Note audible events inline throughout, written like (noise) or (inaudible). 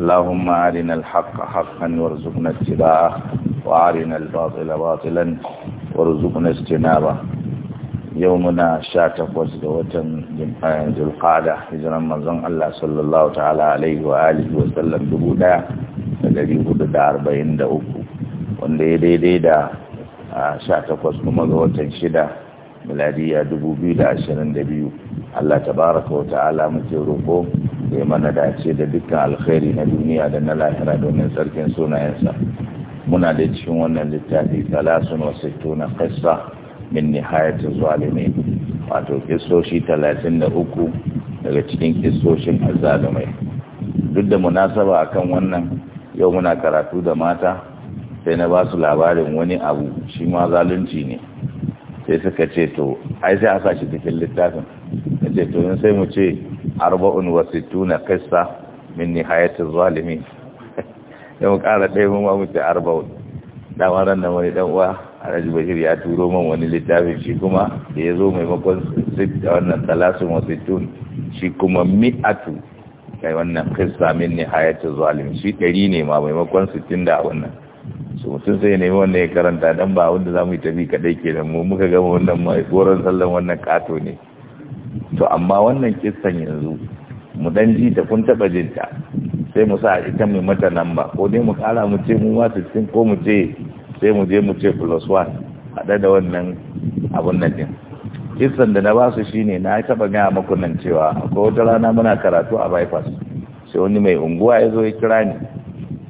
اللهم أرنا الحق حقا وارزقنا اتباعه وأرنا الباطل باطلا وارزقنا اجتنابه يومنا شاتف وزدوة ذو القعدة هجرا منظم الله صلى الله تعالى عليه وآله وسلم دبودا الذي قد دار بين دعوكو وانده دي دي دا شاتف وزدوة شدة miladiya biyu, Allah tabaraka wa ta'ala muke roƙo ya mana dace da dukkan alkhairi na duniya da na lahira domin sarkin sunayensa muna da cikin wannan littafi talasun wa sittuna qissa min nihayati zalimin wato da 33 daga cikin kisoshin azzalumai duk da munasaba akan wannan yau muna karatu da mata sai na ba su labarin wani abu shi ma zalunci ne sai suka ce to ai sai a sa shi cikin littafin ya ce to yin sai mu ce arba'un wasu tuna kissa min nihayatul zalimi (laughs) mu kara ɗaya mu ma mu ce arba'un dama ran nan wani ɗan uwa alhaji bashir ya turo man wani littafin shi kuma da ya zo maimakon sit da wannan talasin tun shi kuma mi'atu kai wannan kissa min nihayatul zalimi shi ɗari ne ma maimakon sittin da wannan su mutum sai ne wannan ya karanta dan ba wanda za mu yi tafi kadai ke da mu muka gama wannan mai goron sallan wannan kato ne to amma wannan kissan yanzu mu dan ji ta kun taba jin ta sai mu sa ita mai mata namba ko dai mu kara mu ce mu ma cikin ko mu ce sai mu je mu ce plus 1 hada da wannan abun nan din kissan da na ba su shine na taba ga muku nan cewa akwai wata rana muna karatu a bypass sai wani mai unguwa ya zo ya kira ni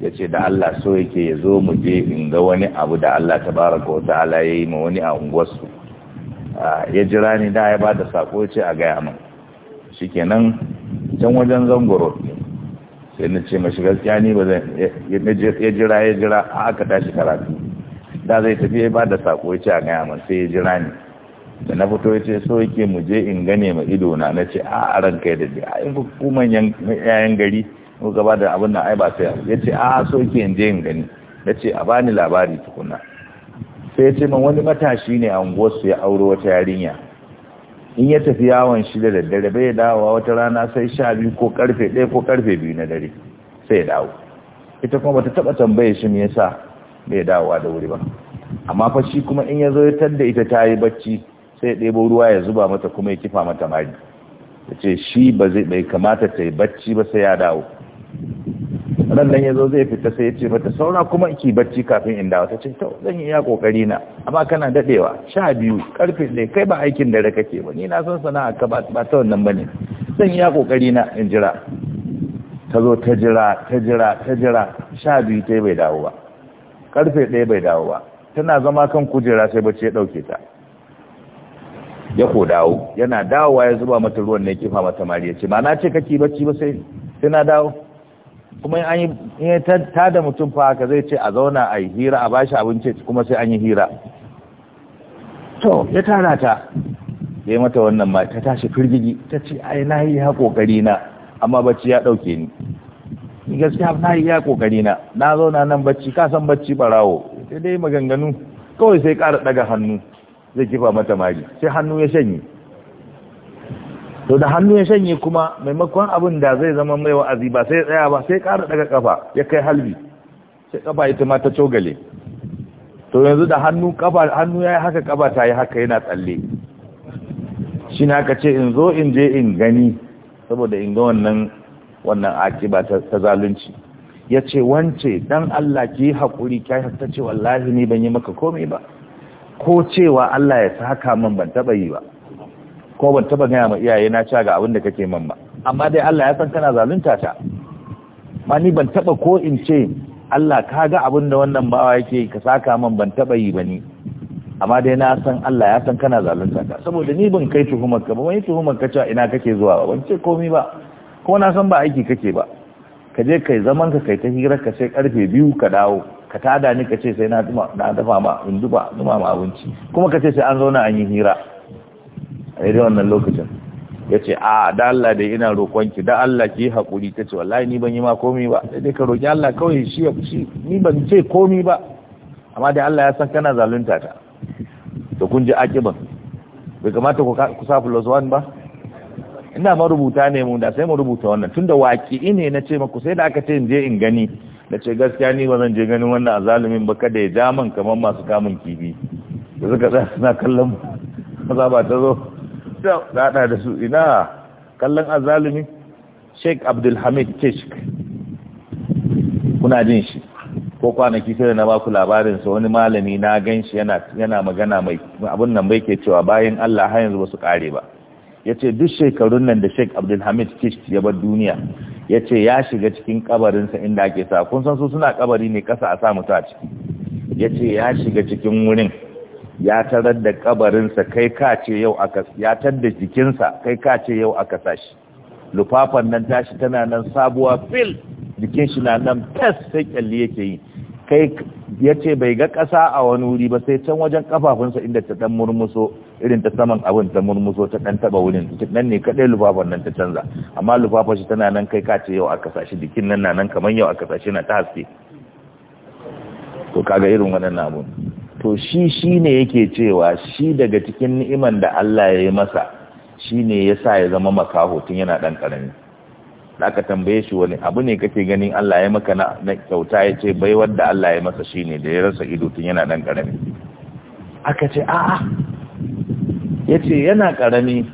ya ce da Allah so yake ya zo mu je in ga wani abu da Allah ta baraka wata ala ya yi ma wani a unguwarsu ya jira ni da ya ba da sako ce a gaya min shi kenan can wajen zangoro sai na ce mashi gaskiya ni ba zan ya jira ya jira a aka tashi karatu da zai tafi ya ba da sako ya ce a gaya min sai ya jira ni da na fito ya ce so yake mu je in gane ma ido na na ce a ranka da a yi hukumar manyan yayan gari mu gaba da abin nan ai ba sai ya ce a so yake in je in gani ya ce a bani labari tukuna sai ya ce man wani matashi ne a unguwarsu ya auro wata yarinya in ya tafi yawon shi da daddare bai dawowa wata rana sai sha biyu ko karfe ɗaya ko karfe biyu na dare sai ya dawo ita kuma bata taba tambaye shi me yasa bai dawowa da wuri ba amma fa shi kuma in ya zo ya tadda ita ta yi bacci sai ya ɗebo ruwa ya zuba mata kuma ya kifa mata mari ya ce shi ba zai bai kamata ta yi bacci ba sai ya dawo ran nan zo zai fita sai ya ce mata saura kuma ki bacci kafin in dawo ta ce to zan yi ya kokari na amma kana dadewa sha biyu karfe ne kai ba aikin da raka ke ba ni na san sana'a ka ba ta wannan bane zan yi iya kokari na in jira ta zo ta jira ta jira ta jira sha biyu ta bai dawo ba karfe ɗaya bai dawo ba tana zama kan kujera sai bacci ya ɗauke ta ya ko dawo yana dawowa ya zuba mata ruwan ne kifa mata mari ya ce ma na ce kake bacci ba sai sai na dawo kuma in ya ta da mutum fa haka zai ce a zauna a yi hira a bashi abinci kuma sai an yi hira to ya tara ta ya mata wannan ma ta tashi firgigi ta ce ai na yi ya kokari na amma bacci ya dauke ni ni gaskiya na yi ya kokari na na zauna nan bacci ka san bacci barawo sai dai maganganu kawai sai kara daga hannu zai kifa mata mari sai hannu ya shanye to da hannu ya shanye kuma maimakon abin da zai zama mai wa'azi ba sai tsaya ba sai ƙara daga kafa ya kai halbi sai kafa ita ma ta cogale to yanzu da hannu kafa hannu yayi haka kafa ta yi haka yana tsalle shi na ka ce in zo in je in gani saboda in ga wannan wannan akiba ta zalunci ya ce wance dan Allah ki yi haƙuri ki ta ce wallahi ni ban yi maka komai ba ko cewa Allah ya saka min ban taɓa yi ba ko ban taba gaya ma iyaye na ci ga abin da kake man ba amma dai Allah ya san kana zalunta ta ma ni ban taba ko in ce Allah ka ga abin da wannan bawa yake ka saka man ban taba yi ba ni amma dai na san Allah ya san kana zalunta ta saboda ni ban kai tuhumar ka ba wai tuhumar ka cewa ina kake zuwa ba ban ce komai ba ko na san ba aiki kake ba ka je kai zaman ka kai ta hira ka sai karfe biyu ka dawo ka tada ni ka ce sai na dafa ma in duba duma ma abinci kuma ka ce sai an zauna an yi hira a irin wannan lokacin ya ce a da Allah da ina roƙonki da Allah ki haƙuri ta ce wallahi ni ban yi ma komi ba dai ka roƙi Allah kawai shi ya fushi ni ban ce komi ba amma da Allah ya san kana zalunta ta to kun ji akiban bai kamata ku sa plus one ba ina marubuta ne mu da sai mu rubuta wannan tunda waki ne na ce maku sai da aka ce in je in gani na ce gaskiya ni ba zan je ganin wannan azalumin ba kada ya ja man kamar masu kamun kibi da suka tsaya suna kallon mu. maza ba ta zo da zaɗa da su ina kallon azalumi sheik abdulhamid kishk kuna jin shi ko kwanaki sai na baku labarinsa wani malami na gan shi yana magana mai abin nan bai ke cewa bayan allah har yanzu ba su ƙare ba ya ce duk shekarun nan da sheik abdulhamid kishk ya bar duniya ya ce ya shiga cikin kabarinsa inda ake sa kun san su suna kabari ne kasa a sa mutu a ciki ya ce ya shiga cikin wurin ya tarar da kabarinsa kai ka ce yau aka ya tar da jikinsa kai ka ce yau aka sashi lufafan nan tashi tana nan sabuwa fil jikin shi na nan fes sai kyalli yake yi kai ya ce bai ga ƙasa a wani wuri ba sai can wajen kafafunsa inda ta dan murmuso irin ta saman abin ta murmuso ta dan taba wurin nan ne kadai lufafan nan ta canza amma lufafan shi tana nan kai ka ce yau aka sashi jikin nan na nan kamar yau aka sashi na ta haske to kaga irin wannan namu to shi shi ne yake cewa shi daga cikin ni'iman da Allah ya yi masa shi ne ya sa ya zama makaho tun yana ɗan ƙarami da aka tambaye shi wani abu ne kake ganin Allah ya maka na kyauta ya ce bai wadda Allah ya masa shi ne da ya rasa ido tun yana ɗan ƙarami aka ce a'a ya ce yana ƙarami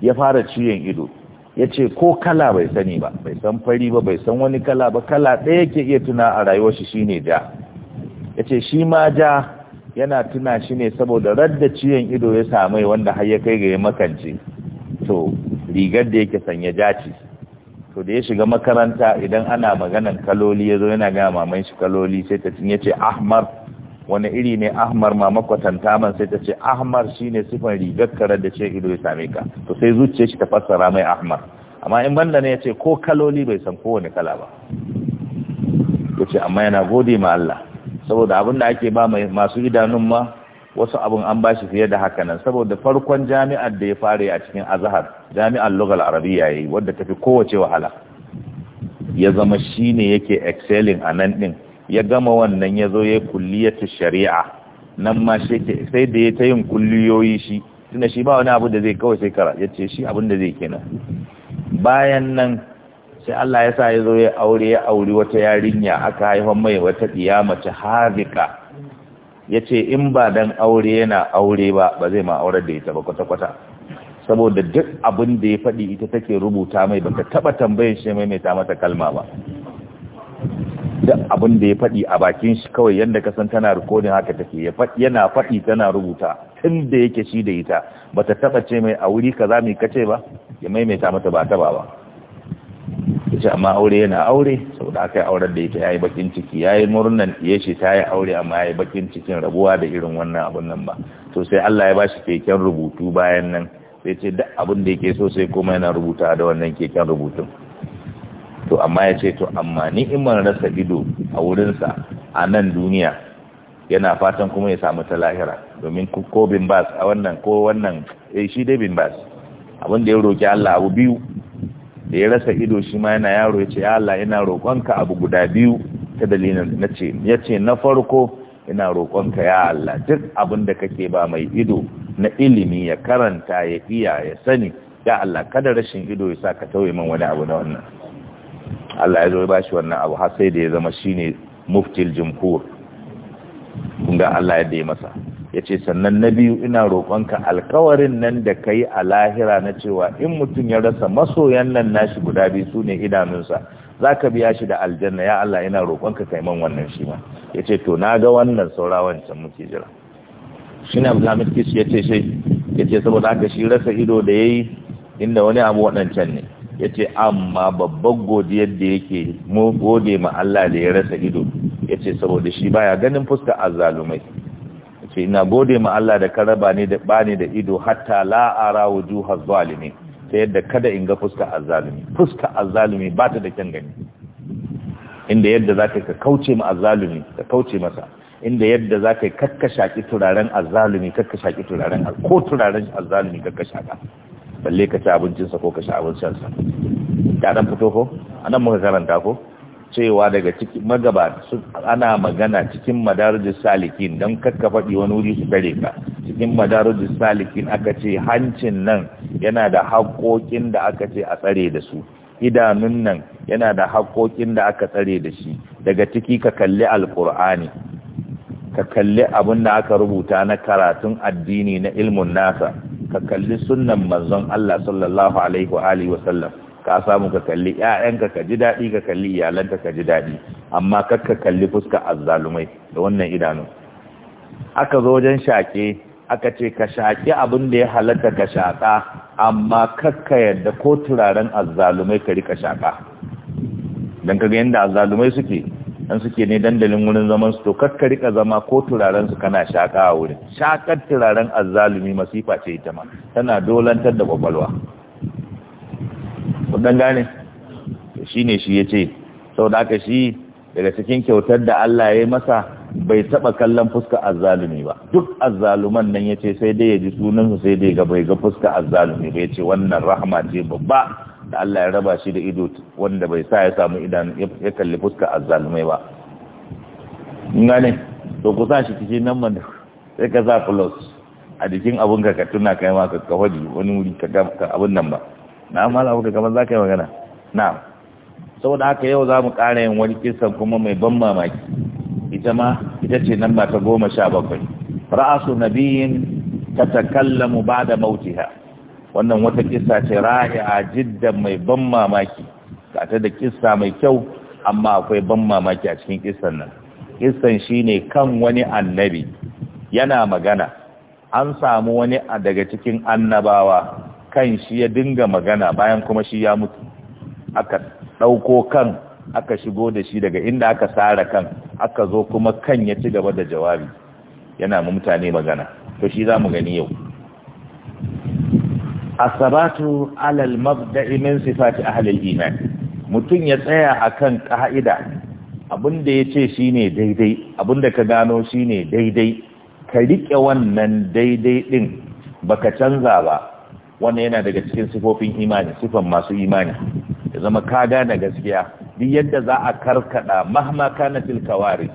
ya fara ciyon ido ya ce ko kala bai sani ba bai san fari ba bai san wani kala ba kala ɗaya yake iya tuna a rayuwar shi shine ne ja ya ce shi ma ja yana tuna shi ne saboda radda ciyen ido ya samai wanda har ya kai ga ya makance to rigar da yake sanya jaci to da ya shiga makaranta idan ana maganan kaloli ya zo yana gama maman shi kaloli sai ta cinye ce ahmar wani iri ne ahmar mama kwatanta man sai ta ce ahmar shine sifan rigar ka radda ciyen ido ya same ka to sai zuciyar shi ta fassara mai ahmar amma in banda ne ya ce ko kaloli bai san kowane kala ba ya ce amma yana gode ma Allah saboda abin da ake ba masu idanun ma wasu abin an ba shi fiye da hakanan saboda farkon jami'ar da ya fara a cikin azhar jami'ar lugal arabiya yi wadda tafi kowace wahala ya zama shine yake excelling a nan din ya gama wannan ya zo ya kulliyatu shari'a nan ma sai da ya ta yin kulliyoyi shi tunda shi ba wani abu da zai kawai sai kara ya shi abin da zai kenan bayan nan sai Allah ya sa ya zo ya aure ya auri wata yarinya aka haifan mai wata ɗiya mace harika ya ce in ba dan aure yana aure ba ba zai ma aure da ita ba kwata-kwata saboda duk abin da ya faɗi ita take rubuta mai ba ta taɓa tambayin shi mai mai ta mata kalma ba duk abin da ya faɗi a bakin shi kawai yadda ka san tana rikodin haka take yana faɗi tana rubuta tun da yake shi da ita ba ta taɓa ce mai a wuri kaza mai kace ba ya maimaita mata ba ta ba ba yace amma aure yana aure saboda aka yi auren da yake yi bakin ciki yayi murnan shi ta yi aure amma yayi bakin cikin rabuwa da irin wannan abun nan ba to sai Allah ya bashi keken rubutu bayan nan sai ce duk abin da yake so sai kuma yana rubuta da wannan keken rubutun to amma ya ce to amma ni in ni'imar rasa ido a wurinsa a nan duniya yana fatan kuma ya samu ta lahira domin ko bin bas a wannan ko wannan eh shi dai bin bas abin da ya roki Allah abu biyu da ya rasa ido shi ma yana yaro ya ce ya Allah ina roƙonka abu guda biyu ta dalilin na ce ya ce na farko ina roƙonka ya Allah duk abin da kake ba mai ido na ilimi ya karanta ya iya ya sani ya Allah kada rashin ido ya sa ka tauye min wani abu na wannan Allah ya zo ya bashi wannan abu har sai da ya zama shine muftil jumhur kun ga Allah ya dai masa ya ce sannan na biyu ina roƙonka alkawarin nan da ka yi a lahira na cewa in mutum ya rasa masoyan nan nashi guda biyu su ne idanunsa za ka biya shi da aljanna ya Allah ina roƙonka kai man wannan shi ma ya ce to na ga wannan saura wancan muke jira shi ne abdulhamid ya ce shi ya ce saboda haka shi rasa ido da ya yi inda wani abu waɗancan ne ya ce amma babban godiyar da yake mu gode ma Allah da ya rasa ido ya ce saboda shi baya ganin fuska azzalumai ce ina gode ma Allah da karaba ne da bani da ido hatta la ara wujuha zalimi ta yadda kada in ga fuska azzalumi fuska azzalumi ba ta da kyan gani inda yadda za ka kauce ma azzalumi ka kauce masa inda yadda za ka kakkasha ki turaren azzalumi kakkasha ki turaren ko turaren azzalumi kakkasha ka balle ka ci abincinsa ko ka sha abincinsa da dan fito ko anan muka karanta ko cewa daga cikin magaba ana magana cikin madarajar salikin don kakka faɗi wani wuri su tare ka cikin madarajar salikin aka ce hancin nan yana da haƙoƙin da aka ce a tsare da su idanun nan yana da haƙoƙin da aka tsare da shi daga ciki ka kalli alƙur'ani ka kalli abin da aka rubuta na karatun addini na ilmun nasa ka kalli sunnan manzon Allah sallallahu alaihi wa sallam ka samu ka kalli ƴaƴanka ka ji daɗi ka kalli iyalanka ka ji daɗi amma kar ka kalli fuska azzalumai da wannan idanu aka zo wajen shaƙe aka ce ka shaƙi abin da ya halatta ka shaƙa amma kar ka yadda ko turaren azzalumai ka rika shaƙa don kaga yadda azzalumai suke dan suke ne dandalin wurin zaman su to kar ka rika zama ko turaren su kana shaƙa a wurin shaƙar turaren azzalumi masifa ce ita ma tana dolantar da kwakwalwa kun gane shi ne shi ya ce sau da aka shi daga cikin kyautar da Allah ya yi masa bai taba kallon fuska azzalumi ba duk azzaluman nan ya ce sai dai ya ji sunansu sai dai ga bai ga fuska azzalumi ba ya ce wannan rahama ce babba da Allah ya raba shi da ido wanda bai sa ya samu idan ya kalli fuska azzalumai ba gane to ku sa shi cikin nan man sai ka za plus a jikin abun ka ka tuna kai ma ka kawai wani wuri ka abun nan ba na mala abu kamar za ka yi magana na saboda haka yau za mu ƙara yin wani kisan kuma mai ban mamaki ita ma ita ce nan ba goma sha bakwai ra'asu nabiyin ta takallamu ba da mautiha wannan wata kisa ce a jidda mai ban mamaki ga ta da kisa mai kyau amma akwai ban mamaki a cikin kisan nan kisan shine kan wani annabi yana magana an samu wani daga cikin annabawa kan shi ya dinga magana bayan kuma shi ya mutu aka ɗauko kan aka shigo da shi daga inda aka tsara kan aka zo kuma kan ya ci gaba da jawabi yana mu mutane magana to shi za mu gani yau asabatu alal mabda'i min sifati ahli al-iman mutun ya tsaya akan ka'ida abinda yace shine daidai abinda ka gano shine daidai ka rike wannan daidai din baka canza ba wannan yana daga cikin sifofin imani sifan masu imani ya zama ka gane gaskiya duk yadda za a karkada mahma kana tilkawari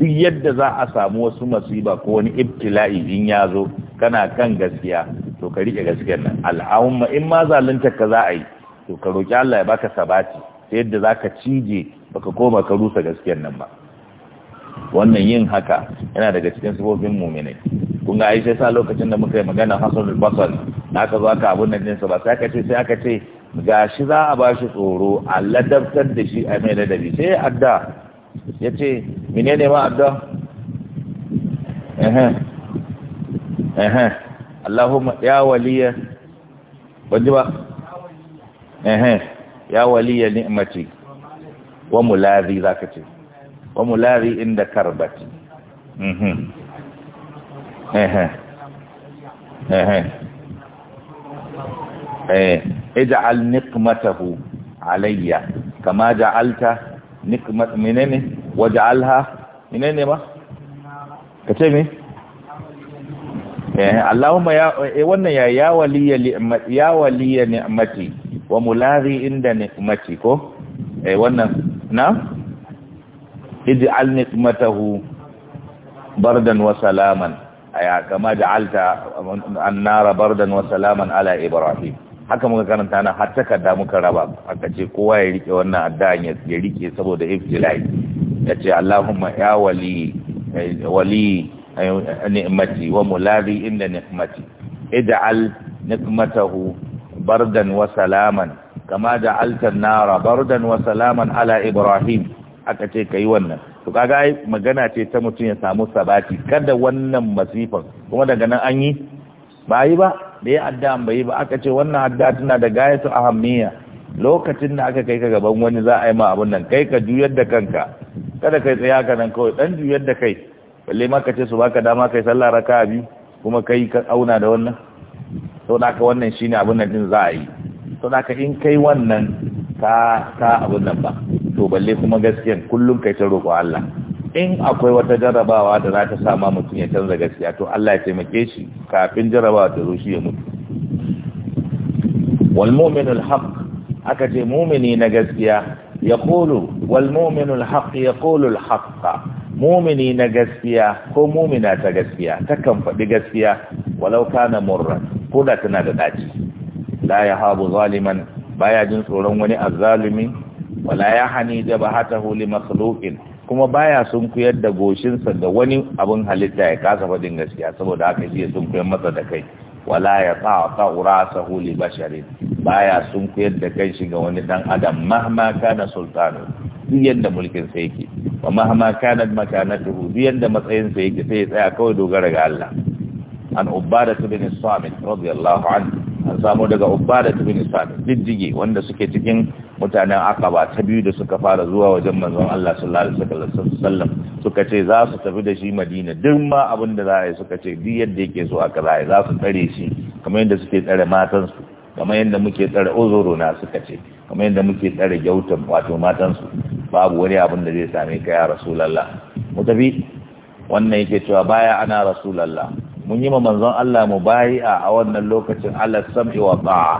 duk yadda za a samu wasu masiba ko wani ibtila'i in ya zo kana kan gaskiya to ka rike gaskiyar nan al'umma in ma zalunta ka za a yi to ka roki Allah ya baka sabati ta yadda za ka cije baka koma ka rusa gaskiyar nan ba wannan yin haka yana daga cikin sabobin mu'minai kun ga aisha sa lokacin da muka yi magana al basal naka zo aka abun nan ba sai aka ce sai aka ce Ga shi za a bashi tsoro a ladabtar da shi a mai ladabi sai adda ya ce menene ma adda ehem ehem Allahumma ya waliya wani ba ehem ya waliya ni'mati wa mulazi zaka ce wa mulari inda karbati mhm. eh, ij'al niqmatahu alayya kama ja'alta niqmat alha waj'alha minani ma kace me eh Allahumma ya eh, wannan ya ya waliya ya waliya ni'mati wa mulazi inda ni'mati ko eh wannan na ij'al niqmatahu bardan wa salaman aya kama ja'alta annara bardan wa salaman ala ibrahim haka muka karanta nan har takarda muka raba Haka ce kowa ya rike wannan addan ya rike saboda iftilai ya ce allahumma ya wali wali ni'mati wa muladi inda ni'mati ij'al niqmatahu bardan wa salaman kama ja'alta an-nara bardan wa salaman ala ibrahim aka ce ka yi wannan to kaga magana ce ta mutum ya samu sabati kada wannan masifan kuma daga nan an yi ba yi ba da ya adda an bai ba aka ce wannan adda tana da gayatu ahammiya lokacin da aka kai ka gaban wani za a yi ma abun nan kai ka juyar da kanka kada kai tsaya ka nan kawai dan juyar da kai balle ma ka ce su baka dama kai sallah raka biyu kuma kai ka auna da wannan to da ka wannan shine abun nan din za a yi to da ka in kai wannan Ka ta abin nan ba to balle kuma gaskiyan kullum kai ta roƙo Allah in akwai wata jarabawa da za ta sama mutum ya canza gaskiya to Allah ya taimake shi kafin jarabawa ta zo shi ya mutu wal mu'minul haqq aka ce mu'mini na gaskiya yaqulu wal mu'minul haqq yaqulu al haqq mu'mini na gaskiya ko mu'mina ta gaskiya takan faɗi gaskiya walau kana murran ko da tana da daci la yahabu zaliman baya jin tsoron wani azzalumi wala ya hani jabahatahu huli makhluqin kuma baya sunkuyar da goshinsa da wani abin halitta ya kasa faɗin gaskiya saboda haka shi sun sunkuyar masa da kai wala ya ta'ata urasahu li basharin baya sunkuyar da kai shi ga wani dan adam mahma kana sultanu duk da mulkin sa yake wa mahma kana makanatuhu duk da matsayin sa yake sai ya tsaya kawai dogara ga Allah an ubada bin samit radiyallahu anhu samu daga ubada bin isad diddige wanda suke cikin mutanen akaba ta biyu da suka fara zuwa wajen manzon Allah sallallahu alaihi wasallam suka ce za su tafi da shi Madina duk ma abin da za a yi suka ce duk yadda yake so aka za za su tsare shi kamar yadda suke tsare matansu kamar yadda muke tsare na suka ce kamar yadda muke tsare gyautan wato matansu babu wani abin da zai same ka ya Rasulullah mu tafi wannan yake cewa baya ana Rasulullah mun yi ma manzon Allah mu bai'a a wannan lokacin ala sam'i wa ta'a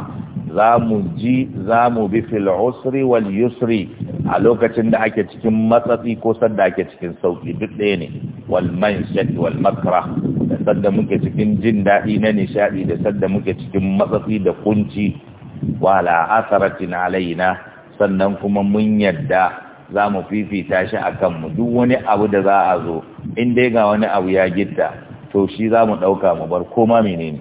za mu ji za mu bi fil usri wal yusri a lokacin da ake cikin matsatsi ko sanda ake cikin sauki duk ɗaya ne wal manshat wal makra da sanda muke cikin jin daɗi na nishaɗi da sanda muke cikin matsatsi da kunci wala asaratin alaina sannan kuma mun yadda za mu fifita shi a kanmu duk wani abu da za a zo in dai ga wani abu ya gitta to shi za mu ɗauka mu bar koma menene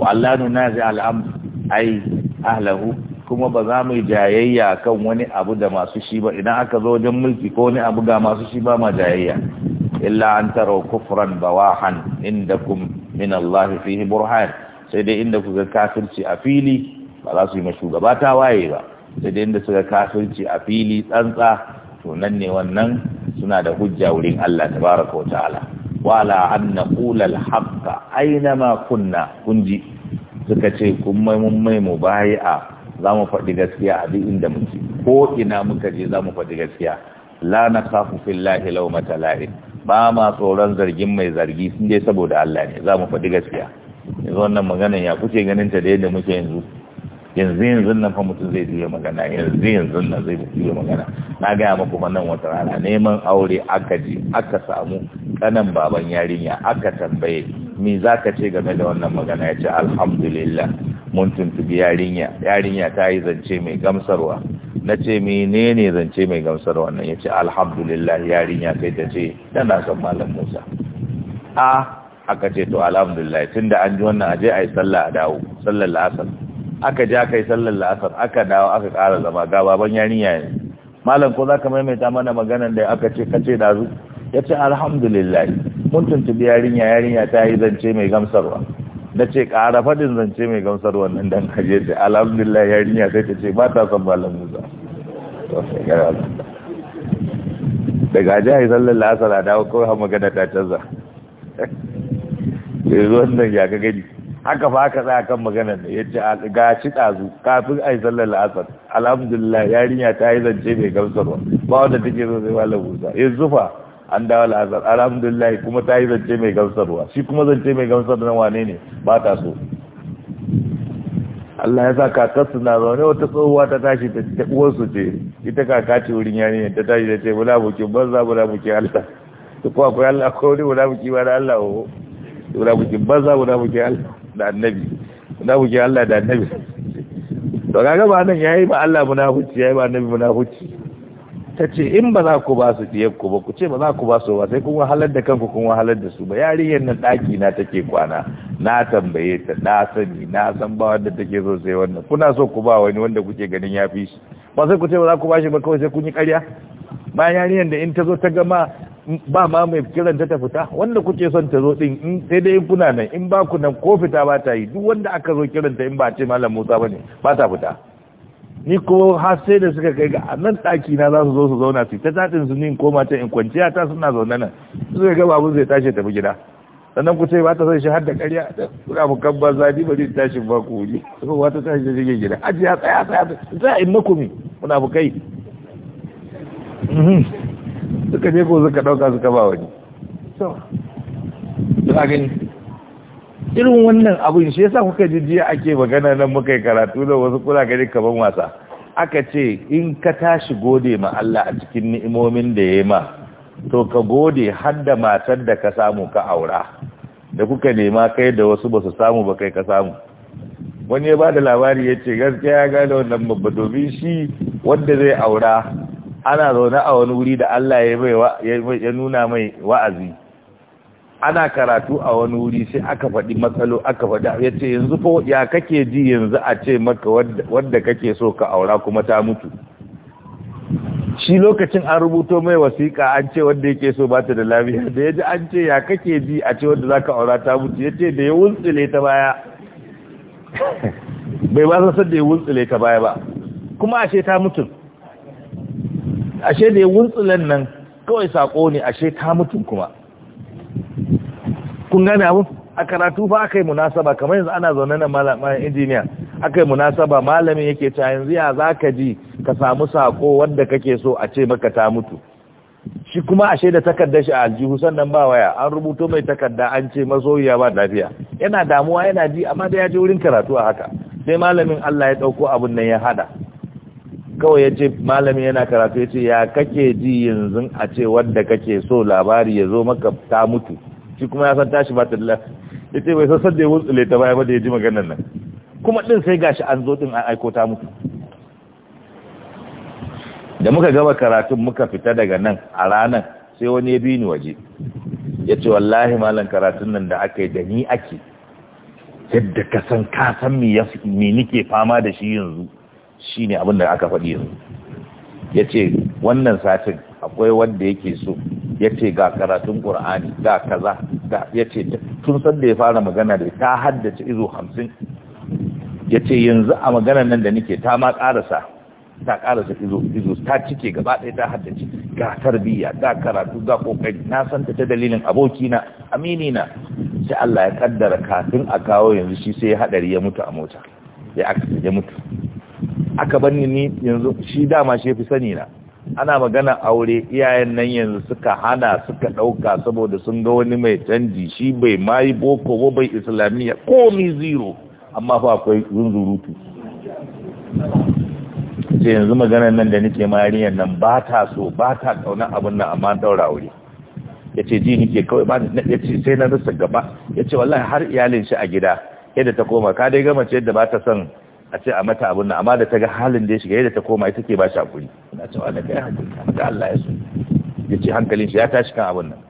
wa Allah nuna zai al'am ai ahlahu kuma ba za mu jayayya kan wani abu da masu shi ba idan aka zo wajen mulki ko wani abu ga masu shi ba ma jayayya illa an taro kufran bawahan kum min Allah fihi burhan sai dai inda kuka kafirci a fili ba za su yi mashugaba ta waye ba sai dai inda suka kafirci a fili tsantsa to nan ne wannan suna da hujja wurin Allah tabaraka wa ta'ala wala an naqula al aina ma kunna kunji suka ce kun mai mun mai mu bai'a zamu faɗi gaskiya a duk inda muke ko ina muka je zamu faɗi gaskiya la nakhafu fillahi lawmata la'in ba ma tsoron zargin mai zargi sun dai saboda Allah ne zamu faɗi gaskiya yanzu wannan maganar ya kuce ganin ta da yadda muke yanzu yanzu yanzu nan fa mutum zai juya magana yanzu yanzu nan zai juya magana na gaya muku ba nan wata rana neman aure aka ji aka samu kanan baban yarinya aka tambaye me za ka ce game da wannan magana ya ce alhamdulillah mun tuntubi yarinya yarinya ta yi zance mai gamsarwa na ce menene zance mai gamsarwa nan ya ce alhamdulillah yarinya kai ta ce tana son malam musa a aka ce to alhamdulillah tunda an ji wannan aje a yi sallah a dawo sallar la'asar aka ja kai sallar la'asar aka dawo aka ƙara zama ga baban yarinya ne malam ko za ka maimaita mana maganan da aka ce kace zu? ya ce alhamdulillah mun tuntubi yarinya yarinya ta yi zance mai gamsarwa na ce ƙara faɗin zance mai gamsarwa nan dan kaje ce alhamdulillah yarinya sai ta ce ba ta son malam musa to sai ga daga sallar la'asar a dawo kawai magana ta canza (laughs) yanzu wannan ya ga gani haka fa haka tsaya kan maganar ne a ga shi ɗazu kafin a yi sallar la'asar alhamdulillah yarinya ta yi zance mai gamsarwa ba wanda take so sai wala Musa yanzu fa an dawo la'asar alhamdulillah kuma ta yi zance mai gamsarwa shi kuma zance mai gamsar na wane ne ba ta so Allah ya sa kakarsu na zaune wata tsohuwa ta tashi ta ce uwarsu ce ita kaka ce wurin ne ta tashi ta ce bula bukin banza bula buki Allah ko akwai Allah ko wani bula buki ba da Allah ko bula bukin banza bula buki Allah da annabi buke Allah da annabi to kaga ba nan yayi ba Allah munafici yayi ba annabi munafici tace in ba za ku ba su diyar ku ba ku ce ba za ku ba su ba sai kun wahalar da kanku kun wahalar da su ba yarinyar nan daki na take kwana na tambaye ta na sani na san ba wanda take so sai wannan kuna so ku ba wani wanda kuke ganin ya fi shi ba sai ku ce ba za ku ba shi ba kawai sai kun yi ƙarya bayan yarinyar da in ta zo ta gama ba ma mai kiran ta fita wanda kuke son ta zo din in sai dai kuna nan in ba ku nan ko fita ba ta yi duk wanda aka zo kiran ta in ba ce malam Musa bane ba ta fita ni ko har sai da suka kai ga nan daki na za su zo su zauna su ta tatin su ni koma ta in kwanciya ta suna zaune nan zai ga babu zai tashi tafi gida sannan ku ce ba ta son shi har da ƙarya da mu kan ba zadi ba zai tashi ba ku wuri ko wata tashi da shige gida ajiya tsaya tsaya tsaya in makumi kuna bukai mhm. suka je ko suka dauka suka ba wani so ga ni irin wannan abin shi yasa kuka ji jiya ake magana nan muka yi karatu da wasu kuna gani kaman wasa aka ce in ka tashi gode ma Allah a cikin ni'imomin da yayi ma to ka gode har da matar da ka samu ka aura da kuka nema kai da wasu ba su samu ba kai ka samu wani ya ba da labari ya ce gaskiya ya gane wannan babba domin shi wanda zai aura ana zaune a wani wuri da Allah ya nuna mai wa'azi ana karatu a wani wuri sai aka faɗi matsalo aka faɗi ya ce yanzu fa ya kake ji yanzu a ce maka wadda kake so ka aura kuma ta mutu shi lokacin an rubuto mai wasiƙa an ce wadda yake so ba ta da lafiya da ya ji an ce ya kake ji a ce wadda za ka aura ta mutu ya ce da ya wuntsile ta baya (laughs) bai ba san da ya wuntsile ta baya ba kuma ashe ta mutu ashe da ya wuntsulan nan kawai sako ne ashe ta mutum kuma kun gane abu a karatu fa aka yi munasaba kamar yanzu ana zaune na malamin injiniya aka yi munasaba malamin yake ta yanzu ya za ka ji ka samu sako wanda kake so a ce maka ta mutu shi kuma ashe da takarda shi a aljihu sannan ba waya an rubuto mai takarda an ce masoyiya ba lafiya yana damuwa yana ji amma da ya je wurin karatu a haka sai malamin Allah ya dauko abun nan ya hada kawai ya ce malami yana karatu ya ce ya kake ji yanzu a ce wadda kake so labari ya zo maka ta mutu shi kuma ya san tashi ba ta dala ya ce bai sassan da ya wutsule ta baya ba da ya ji maganar nan kuma ɗin sai gashi an zo ɗin an aiko ta mutu da muka gaba karatun muka fita daga nan a ranar sai wani ya bini waje ya ce wallahi malam karatun nan da aka yi da ni ake yadda ka san ka san me nike fama da shi yanzu shine abin da aka faɗi yanzu ce wannan satin akwai wanda yake so Ya ce ga karatun Qur'ani ga kaza ce tun san da ya fara magana da ta haddace izo hamsin. Ya ce yanzu a maganar nan da nake ta ma karasa ta karasa izo izo ta cike gaba ɗaya ta haddace ga tarbiyya ga karatu ga ƙoƙari na san ta ta dalilin abokina aminina sai Allah ya kaddara kafin a kawo yanzu shi sai ya hadari ya mutu a mota ya aka ya mutu aka banni ni yanzu shi dama shi fi sani na ana magana aure iyayen nan yanzu suka hana suka ɗauka saboda sun ga wani mai canji shi bai yi boko ba bai islamiyya ko mi zero amma fa akwai zunzurutu sai yanzu magana nan da nake mariyar nan ba ta so ba ta ƙaunar abin nan amma ɗaura aure ya ce ji nike kawai ba ya ce sai na rasa gaba ya wallahi har iyalin shi a gida yadda ta koma ka dai gama ce yadda ba ta son a ce a mata abun nan amma da ta ga halin da ya shiga yadda ta koma ita ke ba shi hakuri ina cewa na kai hakuri da Allah ya so ya ce hankalin shi ya tashi kan abun nan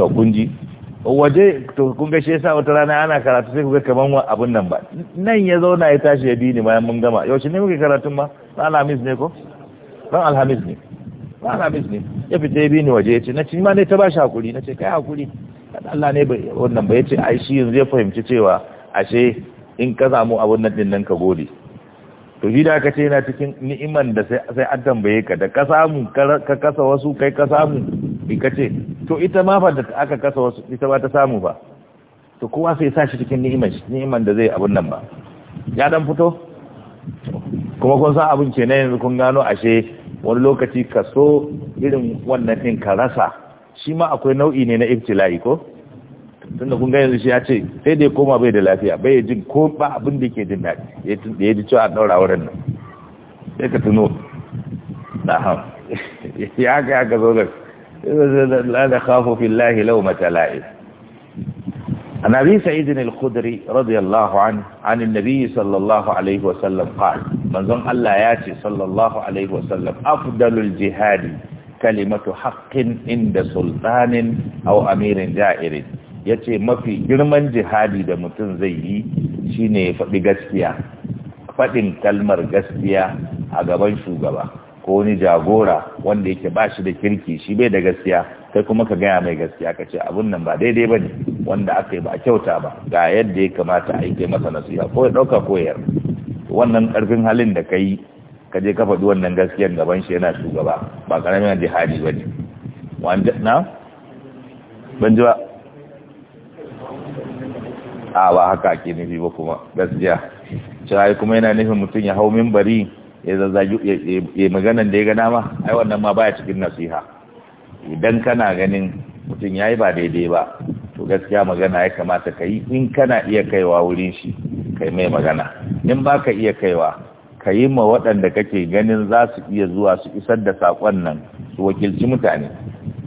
to kun ji waje to kun ga shi yasa wata rana ana karatu sai ku ga kaman abun nan ba nan ya zauna ya tashi ya bini bayan mun gama yau ne muke karatun ma ran alhamis ne ko ran alhamis ne ran alhamis ne ya fita ya bi ni waje ya ce na ci ma ne ta ba shi hakuri na ce kai hakuri Allah ne bai wannan ba ya ce ai shi yanzu ya fahimci cewa ashe in ka samu abun nan dinnan nan ka gode to shi da aka ce yana cikin ni'iman da sai an tambaye ka da ka samu ka kasa wasu kai ka samu in ka ce to ita ma fa da aka kasa wasu ita ba ta samu ba to kowa sai sa shi cikin ni'iman shi ni'iman da zai abun nan ba ya dan fito kuma kun san abin ce na yanzu kun gano ashe wani lokaci ka so irin wannan din ka rasa shi ma akwai nau'i ne na ibtila'i ko tunda kun ga shi ya ce sai dai koma bai da lafiya bai jin ko ba abin da ke jin daɗi ya yi da ya ji cewa daura wurin nan sai ka tuno na ham (laughs) ya ga ya ga zo da la da khafu fillahi law matala'i عن أبي سعيد الخدري رضي الله عنه عن النبي صلى الله عليه وسلم قال من ظن الله ياتي صلى الله عليه وسلم أفضل الجهاد كلمة ya ce mafi girman jihadi da mutum zai yi shine ya faɗi gaskiya faɗin kalmar gaskiya a gaban shugaba ko wani jagora wanda yake ba shi da kirki shi bai da gaskiya kai kuma ka gaya mai gaskiya ka ce abun nan ba daidai ba ne wanda aka yi ba kyauta ba ga yadda ya kamata a yi kai masa nasiha ko ya ɗauka ko ya wannan ƙarfin halin da ka yi ka je ka faɗi wannan gaskiyar gaban shi yana shugaba ba ƙaramin jihadi ba ne a ba haka ake nufi ba kuma gaskiya cewa kuma yana nufin mutum ya hau mimbari ya zazzagi ya maganan da ya ga dama ai wannan ma baya cikin nasiha idan kana ganin mutum yayi ba daidai ba to gaskiya magana ya kamata ka yi in kana iya kaiwa wurin shi kai mai magana in baka iya kaiwa ka yi ma waɗanda kake ganin za su iya zuwa su isar da saƙon nan su wakilci mutane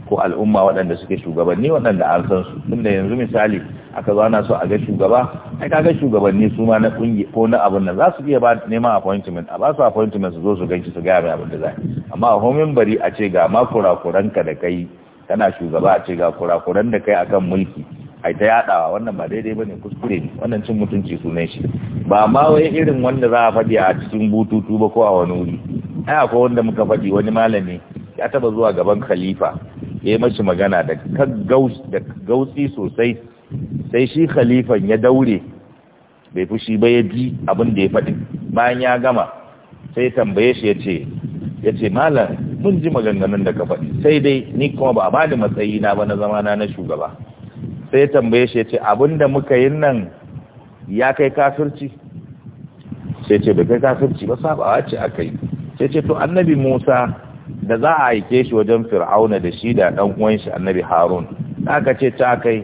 ko al'umma waɗanda suke shugabanni waɗanda an san su tunda yanzu misali aka zo ana so a ga shugaba ai kaga shugabanni su ma na kungi ko na abin nan za su iya ba neman appointment a ba su appointment su zo su ganci su gaya mai abin da za amma a homin bari a ce ga ma kurakuranka da kai kana shugaba a ce ga kurakuran da kai akan mulki ai ta yadawa wannan ba daidai bane kuskure ne wannan cin mutunci sunan shi ba ma wai irin wanda za a faɗi a cikin bututu ba ko a wani wuri ai akwai wanda muka faɗi wani malami ya taba zuwa gaban khalifa ya yi mashi magana da gautsi sosai sai shi khalifan ya daure bai fushi ba ya ji abin da ya faɗi bayan ya gama sai tambaye shi ya ce ya ce malam mun ji maganganun da ka faɗi sai dai ni kuma ba ba da matsayi na ba na zamana na shugaba sai ya tambaye shi ya ce abin da muka yin nan ya kai kafirci sai ce bai kai kafirci ba sabawa ce aka yi sai ce to annabi musa da za a aike shi wajen fir'auna da shi da ɗan uwan shi annabi harun aka ce ta kai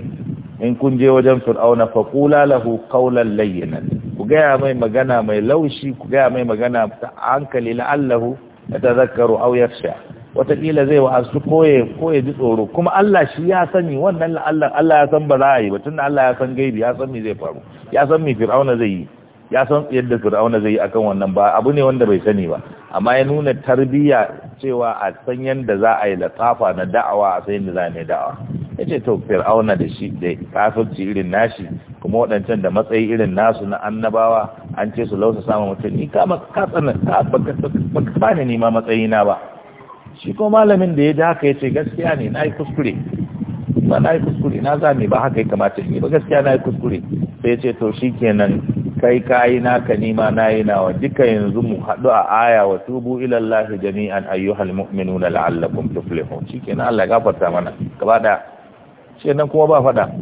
in kun je wajen fir'auna fa faqula lahu qawlan layyinan ku gaya mai magana mai laushi ku gaya mai magana ta hankali la'allahu yatazakkaru aw yakhsha wataƙila zai wa'azu koye koye ji tsoro kuma Allah shi ya sani wannan Allah Allah ya san ba za a yi ba tunda Allah ya san gaibi ya san me zai faru ya san me fir'auna zai yi ya san yadda fir'auna zai yi akan wannan ba abu ne wanda bai sani ba amma ya nuna tarbiyya cewa a san yadda za a yi latsafa na da'awa a san yadda za a yi da'awa ya ce to fir'auna da shi da kafirci irin nashi kuma waɗancan da matsayi irin nasu na annabawa an ce su lausa samun mutum ni ka katsana ta baka bani ni ma matsayi na ba shi ko malamin da ya ji haka ya ce gaskiya ne na yi kuskure ba na yi kuskure na zame ba haka ya kamata in ba gaskiya na yi kuskure sai ya ce to shi kenan kai kayi naka nima nayi nawa duka yanzu mu haɗu a aya wa tubu ila Allah jami'an ayyuhal mu'minuna la'allakum tuflihun shikenan Allah gafarta mana gaba da shikenan kuma ba fada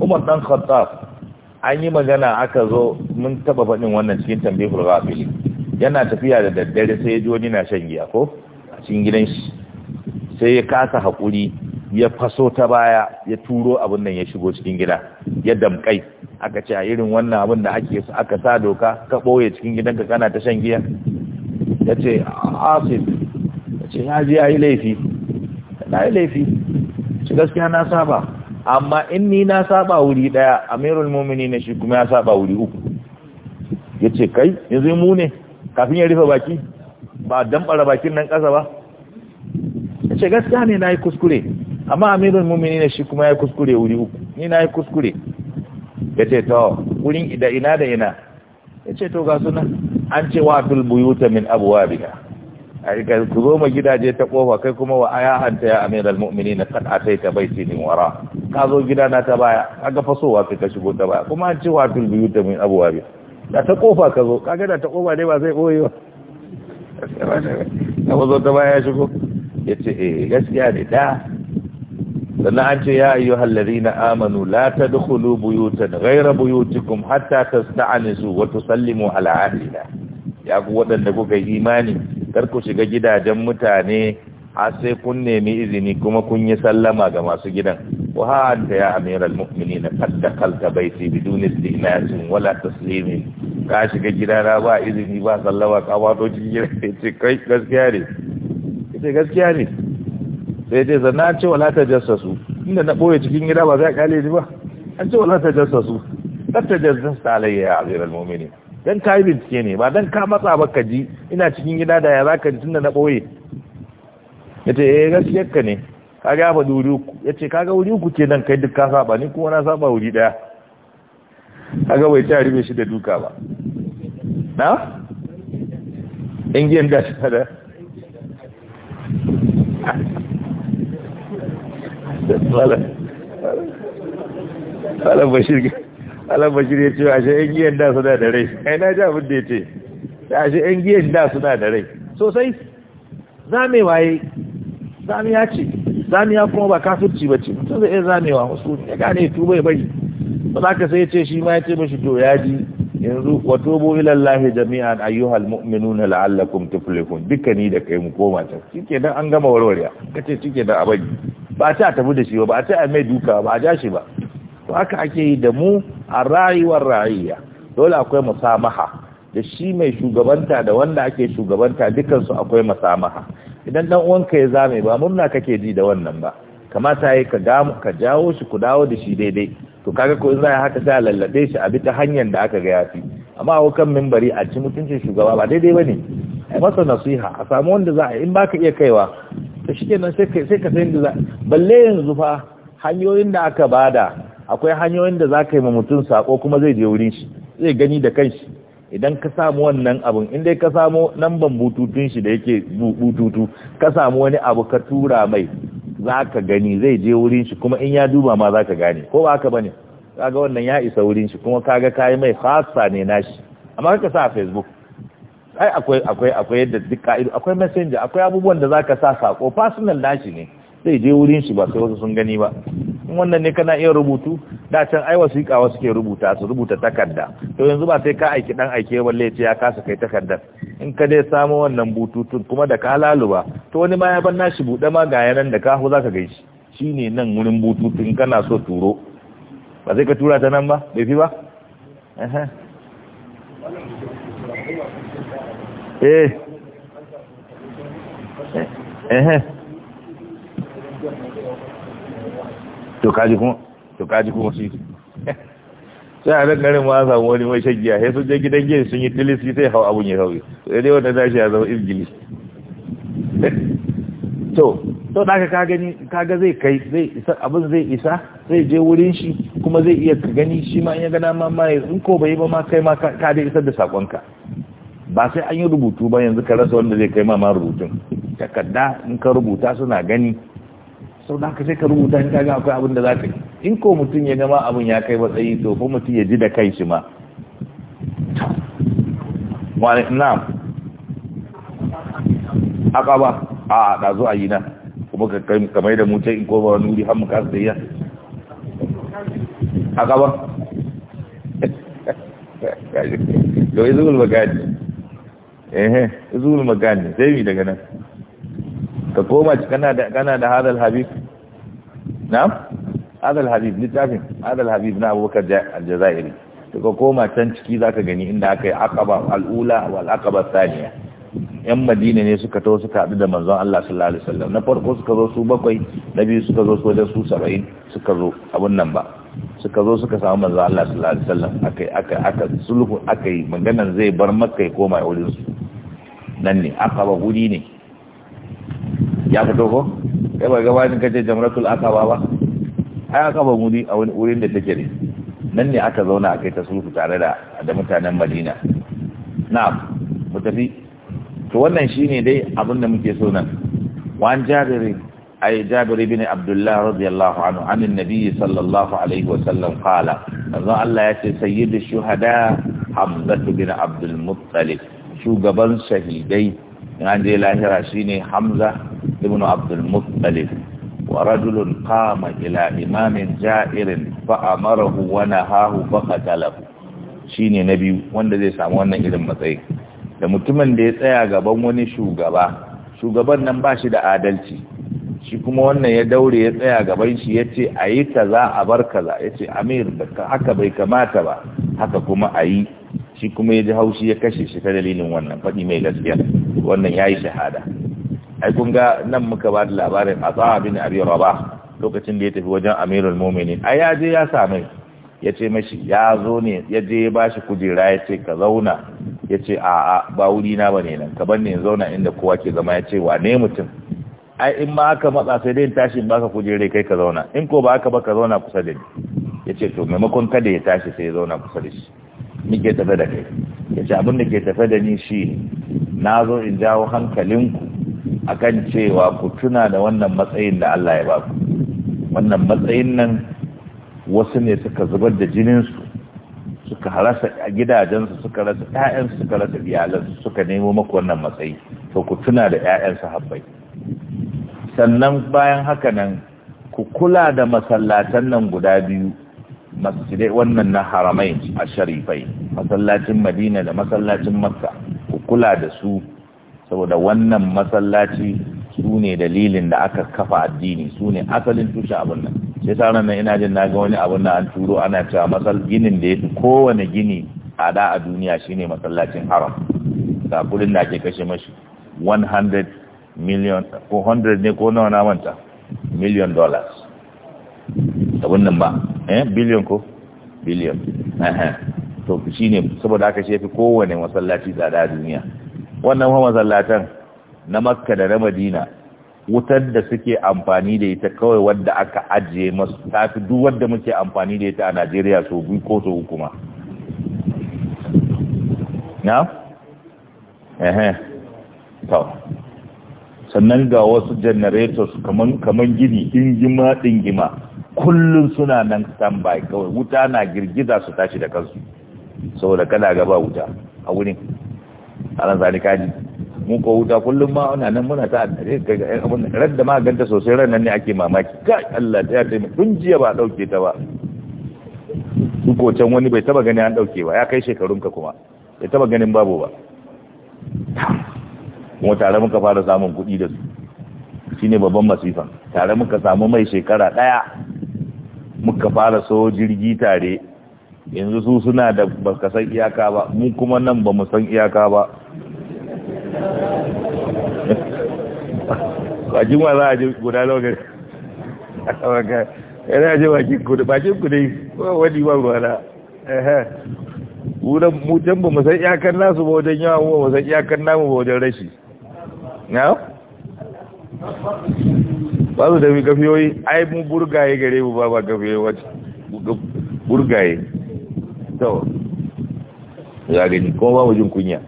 Umar dan Khattab an yi magana aka zo mun taba faɗin wannan cikin tambihul ghafili yana tafiya da daddare sai ya ji wani na shan giya ko a cikin gidan shi sai ya kasa haƙuri ya faso ta baya ya turo abin nan ya shigo cikin gida ya damkai aka ce a irin wannan abin da ake aka sa doka ka ɓoye cikin gidanka kana ta shan giya ya ce asif ya ce ya ji ya yi laifi na yi laifi shi gaskiya na saba amma in ni na saba wuri ɗaya amirul mumini na shi kuma ya saba wuri uku ya ce kai yanzu mu ne kafin ya rufe baki ba damɓara bakin nan ƙasa ba ya ce gaskiya ne na yi kuskure amma amirul ne shi kuma ya kuskure wuri uku ni na yi kuskure ce to wurin ida ina da ina Ya ce to ga sunan an ce wa fil buyuta min abwabiha ai ka ku zo ma gidaje ta kofa kai kuma wa aya anta ya amirul mu'minin ta bai baiti ni wara ka zo gida na ta baya kaga fasowa kai ka shigo ta baya kuma an ce wa fil buyuta min biya da ta kofa ka zo kaga da ta kofa dai ba zai boye ba ka (laughs) zo ta baya ya shigo ce eh gaskiya ne da sannan an ce ya ayyuhal ladina amanu la tadkhulu buyutan ghayra buyutikum hatta tasta'nisu su tusallimu ala ahliha ya ku waɗanda kuka imani kar ku shiga gidajen mutane har sai kun nemi izini kuma kun yi sallama ga masu gidan wa ha anta ya amiral mu'minina qad dakalta baiti bidun istinasin wala taslimin ka shiga na ba izini ba sallama ka wato cikin kai gaskiya ne gaskiya ne sai ce sannan an ce wala ta su inda na ɓoye cikin gida ba za a kale ni ba an ce wala ta su kar ta jassasta alayya ya azirar mumini dan ka yi bincike ne ba dan ka matsa ba ka ji ina cikin gida da ya za ka ji tunda na ɓoye ya ce eh gaskiyar ka ne ka ga ba wuri uku ya ce kaga wuri uku ke nan kai duk ka saba ni kuma na saba wuri ɗaya kaga bai ta rube shi da duka ba na ingiyan da shi da malam bashir malam bashir ya ce a ashe yan giyan da suna da rai ai na ji abin da ya ce ashe yan giyan da suna da rai sosai zame waye zamiya ce ya kuma ba kafirci ba ce mutum zai iya zamewa wasu ya gane tuba ya bari ba za ka sai ya ce shi ma ya ce mashi to ya ji yanzu wa tubu ila Allah jami'an ayyuhal mu'minuna la'allakum tuflihun dukkani da kai mu koma can shike dan an gama warware kace shike da abadi ba a ci a tafi da shi ba ba a ci a mai duka ba a ja shi ba to haka ake yi da mu a rayuwar rayuwa dole akwai musamaha da shi mai shugabanta da wanda ake shugabanta dukansu akwai musamaha idan dan uwanka ya zame ba murna kake ji da wannan ba kamata yayi ka ka jawo shi ku dawo da shi daidai to kaga ko in za haka sai lallabe shi a bi ta hanyar da aka ga yafi amma a kan mimbari a ci mutuncin shugaba ba daidai ba ne a masa nasiha a samu wanda za a in ba ka iya kaiwa ta shi kenan sai ka sayin da za balle yanzu fa hanyoyin da aka bada akwai hanyoyin da za ka yi ma mutum sako kuma zai je wurin shi zai gani da kan shi idan ka samu wannan abun in dai ka samu namban bututun shi da yake bututu ka samu wani abu ka tura mai za ka gani zai je wurin shi kuma in ya duba ma za ka gane ko ba haka ba ne kaga wannan ya isa wurin shi kuma kaga yi mai khassa ne nashi amma kaka sa a facebook ai akwai akwai akwai yadda duk ka'ido akwai messenger akwai abubuwan da zaka sa sako personal nashi ne zai je wurin shi ba sai wasu sun gani ba in wannan ne kana iya rubutu da can ai wasiƙa wasu ke rubuta su rubuta takarda to yanzu ba sai ka aiki dan aike balle ce ya kasa kai takardar in ka dai samu wannan bututun kuma da ka laluba to wani ma ya bar nashi buɗe ma ga yanan da ka hu zaka gaishe shine nan wurin bututun kana so turo ba zai ka tura ta nan ba bai fi ba eh. to kaji kuma to kaji sai a nan garin ma samu wani mai shagiya sai sun je gidan sun yi tilisi sai hau abun ya hau sai dai wanda zashi ya zama izgili to to da ka gani kaga zai kai zai isa abin zai isa zai je wurin shi kuma zai iya ka gani shi ma in ya gana ma mai in ko bai ba ma kai ma ka dai isar da sakonka ba sai an yi rubutu ba yanzu ka rasa wanda zai kai ma ma rubutun takarda in ka rubuta suna gani sau da sai ka rubuta in kaga akwai abin da za ka yi in ko mutum ya gama abin ya kai matsayi to ko mutum ya ji da kai shi ma na'am akaba a da zuwa yi nan kuma ka kamar da mu ce in koma wani wuri har mu kasa yi a gaba yau izul magani ehe izul magani sai mi daga nan ka koma kana da kana da hadal habib na'am hadal habib littafin hadal habib na abubakar aljazairi ka koma can ciki zaka gani inda aka yi aqaba al'ula wal akaba thaniya yan madina ne suka to suka haɗu da manzon Allah sallallahu alaihi wasallam na farko suka zo su bakwai na biyu suka zo su wajen su saba'in suka zo abun nan ba suka zo suka samu manzon Allah sallallahu alaihi wasallam akai aka aka sulhu aka yi maganan zai bar makai koma wurin su nan ne ba guri ne ya fito ko kai ba gabanin kace jamratul aka ba ai ba guri a wani wurin da take ne nan ne aka zauna akai ta sulhu tare da mutanen Madina na'am mu tafi to wannan shine dai abin da muke so nan wan jabiri ay jabir ibn abdullah radiyallahu anhu anin nabi sallallahu alaihi wa sallam qala manzo Allah yace sayyidu shuhada hamza bin abdul muttalib shugaban shahidai an je lahira shine hamza ibn abdul muttalib ورجل قام إلى إمام جائر فأمره ونهاه فقتله شيني نبي وان ذي سامونا إلى المطيق da mutumin da ya tsaya gaban wani shugaba shugaban nan ba shi da adalci shi kuma wannan ya daure ya tsaya gaban shi ya ce a yi ta za a bar kaza ya ce amir da haka bai kamata ba haka kuma a yi shi kuma ya ji haushi ya kashe shi ta dalilin wannan faɗi mai gaskiya wannan ya yi shahada ai kun ga nan muka ba da labarin a tsawa bin abi raba lokacin da ya tafi wajen amirul muminin a ya je ya same ya ce mashi ya zo ne ya je ya ba shi kujera ya ce ka zauna ya ce a ba wuri na ba ne nan ka banne zauna inda kowa ke zama ya ce wane mutum ai in ba aka matsa sai dai tashi in baka rai kai ka zauna in ko ba aka ba ka zauna kusa da ni ya ce to maimakon kada ya tashi sai ya zauna kusa da shi ni ke tafe da kai ya ce abin da ke tafe da ni shi na zo in jawo hankalinku akan cewa ku tuna da wannan matsayin da Allah ya ba ku wannan matsayin nan wasu ne suka zubar da jininsu suka rasa gidajensu suka rasa ƴaƴansu suka rasa iyalansu suka nemo maku wannan matsayi to ku tuna da ƴaƴansu habbai sannan bayan haka nan ku kula da masallatan nan guda biyu masjidai wannan na haramai a sharifai masallacin madina da masallacin makka ku kula da su saboda wannan masallaci su ne dalilin da aka kafa addini su ne asalin tushe abin nan sai sa nan ina jin naga wani abin nan an turo ana cewa masal ginin da ya fi kowane gini tsada a duniya shine masallacin haram da kudin da ake kashe mashi 100 million ko 100 ne ko nawa na manta million dollars abin nan ba eh billion ko billion to shine saboda aka shefi kowane masallaci tsada a duniya wannan kuma masallatan na makka da na madina wutar da suke amfani da ita kawai wadda aka ajiye masu tafi duk wadda muke amfani da ita a najeriya so biyu ko so uku ma na? ehe to sannan ga wasu generators kaman gini din dingima kullum suna nan standby kawai wuta na girgiza su tashi da kansu saboda kada gaba wuta a wurin a nan zani kaji Mun ko wuta kullum ma ana nan muna ta addare ga ɗan da ran da ma ganta sosai ran nan ne ake mamaki ga Allah ta yarda mu tun jiya ba dauke ta ba ko can wani bai taba gani an dauke ba ya kai shekarun ka kuma bai taba ganin babu ba kuma tare muka fara samun kuɗi da su shine babban masifa tare muka samu mai shekara ɗaya muka fara so jirgi tare yanzu su suna da baka san iyaka ba mu kuma nan ba mu san iyaka ba bakin wa za a ji guda lokaci yana ji bakin kudu bakin kudu wani ba ruwana wurin mutum ba musan iyakar nasu ba wajen yawon ba musan iyakar namu ba wajen rashi na? ba su tafi kafiyoyi ai mu burgaye gare mu ba ba kafiyoyi wata burgaye to ya gani kuma ba mu jin kunya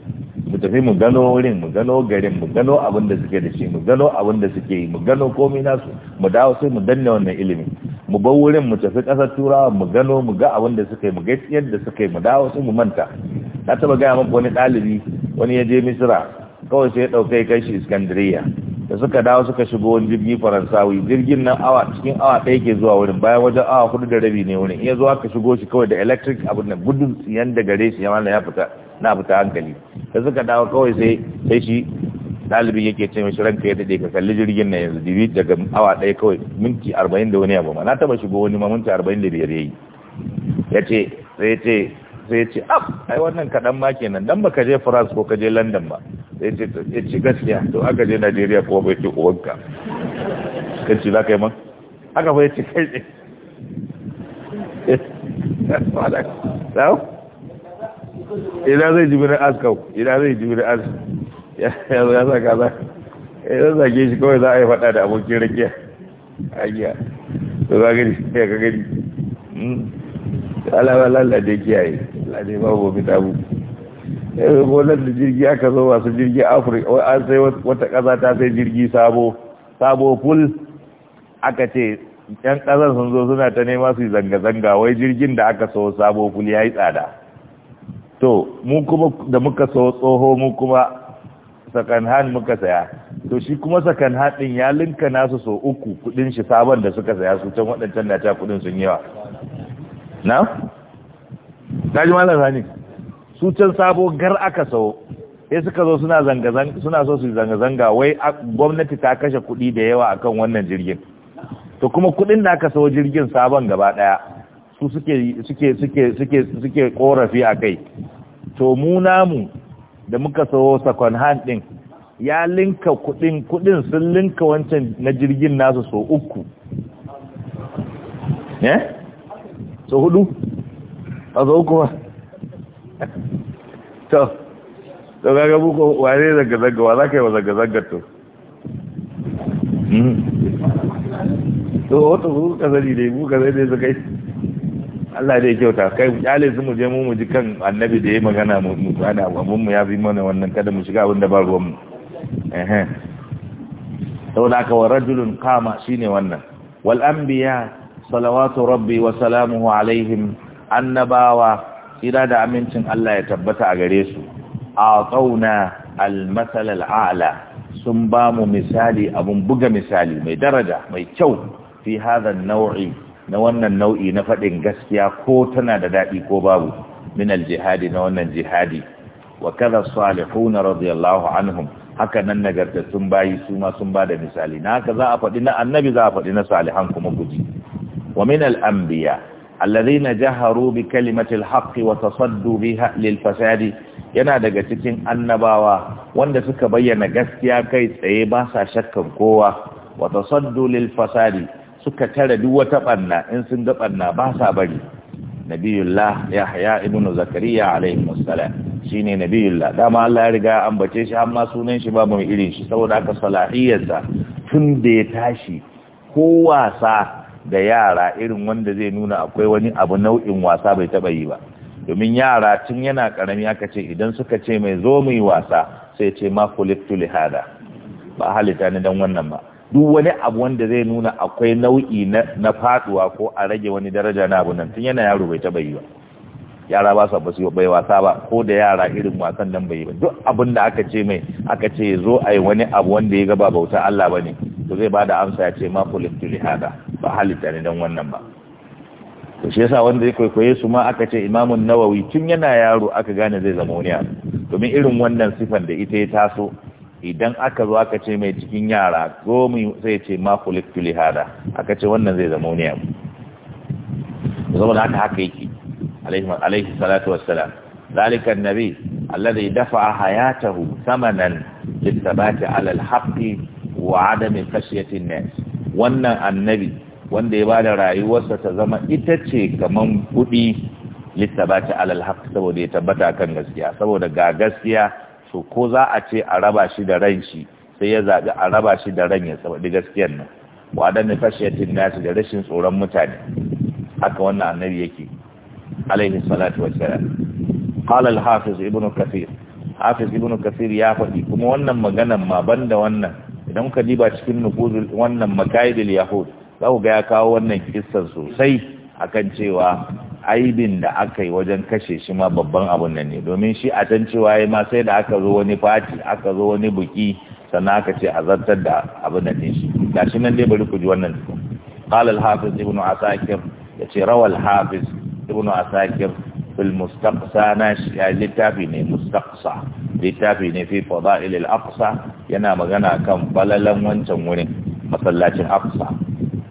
mu tafi mu gano wurin mu gano garin mu gano abin da suke da shi mu gano abin da suke yi mu gano komai nasu mu dawo sai mu danne wannan ilimi mu bar wurin mu tafi ƙasar turawa mu gano mu ga abin da suke mu ga yadda suke mu dawo sai mu manta na taba gaya maka wani ɗalibi wani ya je misira kawai sai ya ɗauka kai shi iskandariya da suka dawo suka shigo wani jirgi faransawi jirgin nan awa cikin awa ɗaya ke zuwa wurin bayan wajen awa hudu da rabi ne wurin iya zuwa ka shigo shi kawai da electric abin nan gudun yanda da gare shi ya ya fita na fita hankali da suka dawo kawai sai sai shi ɗalibin yake ce shirin ka ya dade ka kalli jirgin na yanzu dibi daga awa ɗaya kawai minti arba'in da wani abu ma na taɓa shigo wani ma minti arba'in da biyar yayi ya ce sai ya ce sai ya ce af ai wannan kaɗan ma kenan dan baka je france ko ka je london ba sai ya ce gaskiya to aka je nigeria ko bai ce uwanka kan ce za ka yi man aka bai ce kai ne (laughs) ina zai ji birnin askau ina zai ji birnin askau ya sa kaza ya eh, zage shi kawai za a yi faɗa da abokin rakiya a giya to za gani ya ka gani alawa hmm. lallade kiyaye ba babu wani tabu eh, nan da jirgi aka zo masu jirgi afirka an sai wata ƙasa ta sai jirgi sabo sabo ful aka ce yan ƙasar sun zo suna ta nema su yi zanga-zanga wai jirgin da aka so sabo ful ya yi tsada to mu kuma da muka so tsoho mu kuma second hand muka saya to shi kuma second hand din ya linka nasu so uku kudin shi sabon da suka saya su can waɗancan da ta kudin sun yawa na? ta ji malam Sani. su can sabo gar aka sau sai suka zo suna zanga-zanga suna so su zanga-zanga wai gwamnati ta kashe kudi da yawa akan wannan jirgin to kuma kudin da aka sau jirgin sabon gaba daya su suke suke suke suke suke korafi a kai to mu namu da muka sayo second hand din ya linka kudin kudin sun linka wancan na jirgin nasu so uku ne eh? so hudu a zo uku (laughs) to to gaga muku, wane zaga zaga wa zaka yi wa zaga zaga hmm. to to wato ka zari dai buka zai ne su yi Allah dai kyauta kai kyale su mu je mu mu ji kan annabi da ya magana mu mu ana abun mu ya fi mana wannan kada mu shiga abin da ba ruwan mu eh saboda haka wa rajulun qama shine wannan wal anbiya salawatu rabbi wa salamuhu alaihim annabawa kira da amincin Allah ya tabbata a gare su a tsauna al masal al a'la sun ba mu misali abun buga misali mai daraja mai kyau fi hadha an na wannan nau'i na faɗin gaskiya ko tana da daɗi ko babu min jihadi na wannan jihadi wa kaza salihuna radiyallahu anhum haka nan nagartattun bayi su ma sun bada misali na haka za a faɗi na annabi za a faɗi na salihan kuma guji wa min al-anbiya alladhina jaharu bi kalimati al-haqqi wa tasaddu biha lil fasadi yana daga cikin annabawa wanda suka bayyana gaskiya kai tsaye ba sa shakkan kowa wa tasaddu lil fasadi suka tare duk wata banna in sun ga banna ba sa bari nabiyullah yahya ibnu zakariya alaihi wassalam shine nabiyullah dama Allah ya riga an bace shi amma sunan shi ba babu irin shi saboda aka salahiyarsa tun da ya tashi ko wasa da yara irin wanda zai nuna akwai wani abu nau'in wasa bai taba yi ba domin yara tun yana karami aka ce idan suka ce mai zo mu yi wasa sai ce ma kulittu lihada ba halitta ni dan wannan ba duk wani abu wanda zai nuna akwai nau'i na faduwa ko a rage wani daraja na abu nan tun yana yaro bai taba yi ba yara ba su basu bai wasa ba ko da yara irin wasan nan bai yi ba duk abin da aka ce mai aka ce zo a yi wani abu wanda ya ga bauta Allah ba ne to zai ba amsa ya ce ma kulittu li hada ba halitta ne don wannan ba to shi yasa wanda ya kwaikwaye su ma aka ce imamun nawawi tun yana yaro aka gane zai zama wani abu domin irin wannan sifan da ita ya taso idan aka zo aka ce mai cikin yara gomi zai ce makulikuli hada aka ce wannan zai zama ne yamu zama da aka haka yake alaihi salatu wassalam zalikan nabi da ya dafa a hayatahu samanan jinta ba ta alal haƙi wa adamin kashiyatin ne wannan annabi wanda ya ba da rayuwarsa ta zama ita ce kamar kuɗi litta ba ta alal haƙi saboda ya tabbata kan gaskiya saboda ga gaskiya so ko za a ce a raba shi da ran shi sai ya zaɓi a raba shi da ran ya saboda gaskiyar nan wadannan fashiyatin nasu da rashin tsoron mutane haka wannan annabi yake alaihi salatu wassalam qala al-hafiz ibn kathir hafiz ibn kathir ya faɗi kuma wannan maganan ma banda wannan idan ka diba cikin nufuzul wannan makaidil yahud za ga ya kawo wannan kissan sosai akan cewa aibin da aka yi wajen kashe shi ma babban abun nan ne domin shi a can cewa ya ma sai da aka zo wani fati aka zo wani buki sannan aka ce a zartar da abun nan ne shi ga shi nan dai bari ku ji wannan tukun qala al hafiz ibnu asakir yace rawal hafiz ibnu asakir fil mustaqsa na shi littafi ne mustaqsa littafi ne fi fadail al aqsa yana magana kan balalan wancan wurin masallacin aqsa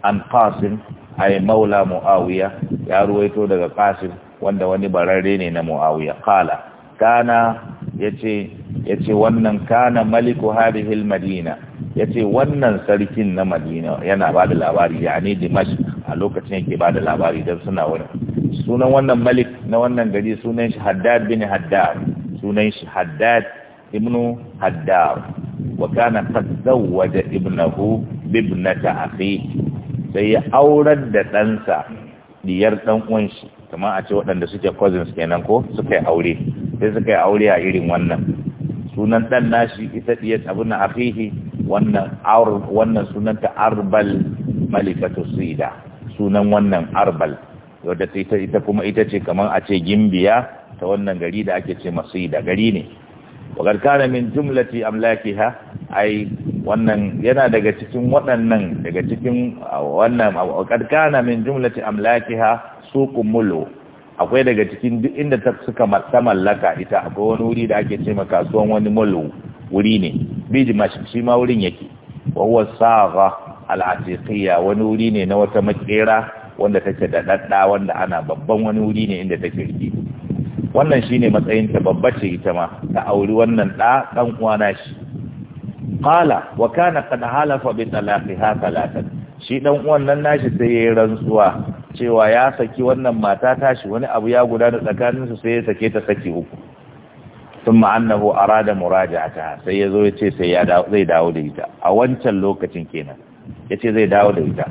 an qasim ai maula muawiya ya ruwaito daga qasim wanda wani bararre ne na muawiya qala kana yace yace wannan kana maliku hadhihi almadina yace wannan sarkin na madina yana ba da labari yani dimash a lokacin yake ba da labari dan suna wani sunan wannan malik na wannan gari sunan shi haddad bin haddad sunan shi haddad ibnu haddad wa kana qad zawwaja ibnahu bibnata akhi sai ya aurar da ɗansa diyar ɗan uwanshi kamar a ce waɗanda suke cousins kenan ko suka yi aure sai suka yi aure a irin wannan sunan ɗan nashi ita diyar abin na afihi wannan wannan sunan ta arbal malikatu sida sunan wannan arbal wadda ita kuma ita ce kamar a ce gimbiya ta wannan gari da ake ce da gari ne wakar kana min jumlati amlakiha ai wannan yana daga cikin waɗannan daga cikin wannan wakar kana min jumlati amlakiha suqul mulu akwai daga cikin duk inda ta suka ta mallaka ita akwai wani wuri da ake ce kasuwan wani mulu wuri ne bi mashi shi ma wurin yake wa huwa sagha al-atiqiyya wani wuri ne na wata makera wanda take da dadda wanda ana babban wani wuri ne inda take rike wannan shi ne matsayin ta babba ce ita ma ta auri wannan ɗa ɗan uwana shi Ƙala wa kana qad halafa bi ha talatan shi ɗan uwan nan nashi sai ya yi rantsuwa cewa ya saki wannan mata tashi wani abu ya gudana tsakanin sai ya sake ta saki uku a rada muradi muraja'ataha sai yazo zo sai ya sai zai dawo da ita a wancan lokacin kenan ya ce zai dawo da ita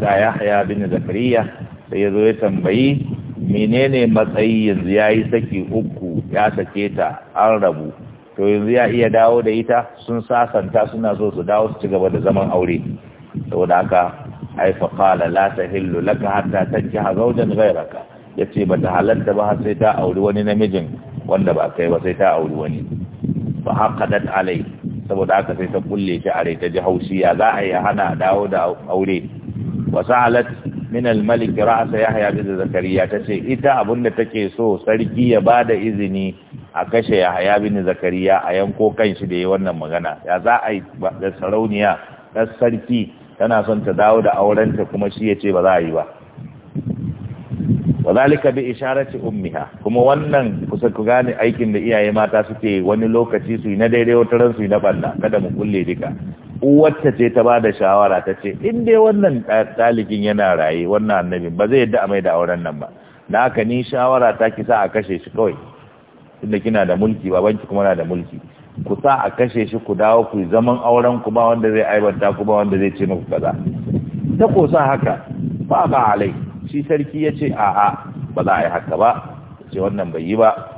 ya yahya bin zakariya sai ya zo ya tambayi menene matsayi yanzu ya yi saki uku ya sake ta an rabu to yanzu ya iya dawo da ita sun sasanta suna so su dawo su ci gaba da zaman aure saboda haka ai fa qala la tahillu laka hatta tankiha zawjan ghayraka yace bata halatta ba har sai ta auri wani namijin wanda ba kai ba sai ta auri wani fa haqadat alai saboda haka sai ta kulle ta are ta ji haushi ya za a yi hana dawo da aure wasalat min al-malik ra'sa yahya bin zakariya tace ita abinda take so sarki ya bada izini a kashe yahya bin zakariya a yanko kan kanshi da yi wannan magana ya za a da sarauniya da sarki tana son ta dawo da aurenta kuma shi yace ba za a yi ba wazalika bi isharati ummiha kuma wannan kusa ku gane aikin da iyaye mata suke wani lokaci su yi na daidai wata ran su yi na balla kada mu kulle duka uwarta ce ta ba da shawara ta ce in dai wannan ɗalikin yana raye wannan annabi ba zai yadda mai da auren nan ba na haka ni shawara ta ki sa a kashe shi kawai tunda kina da mulki babanki kuma na da mulki ku sa a kashe shi ku dawo ku zaman auren ku ba wanda zai aibanta ku ba wanda zai ce muku kaza ta ko sa haka ba ba alai shi sarki ya ce a'a ba za a yi haka ba ce wannan bai yi ba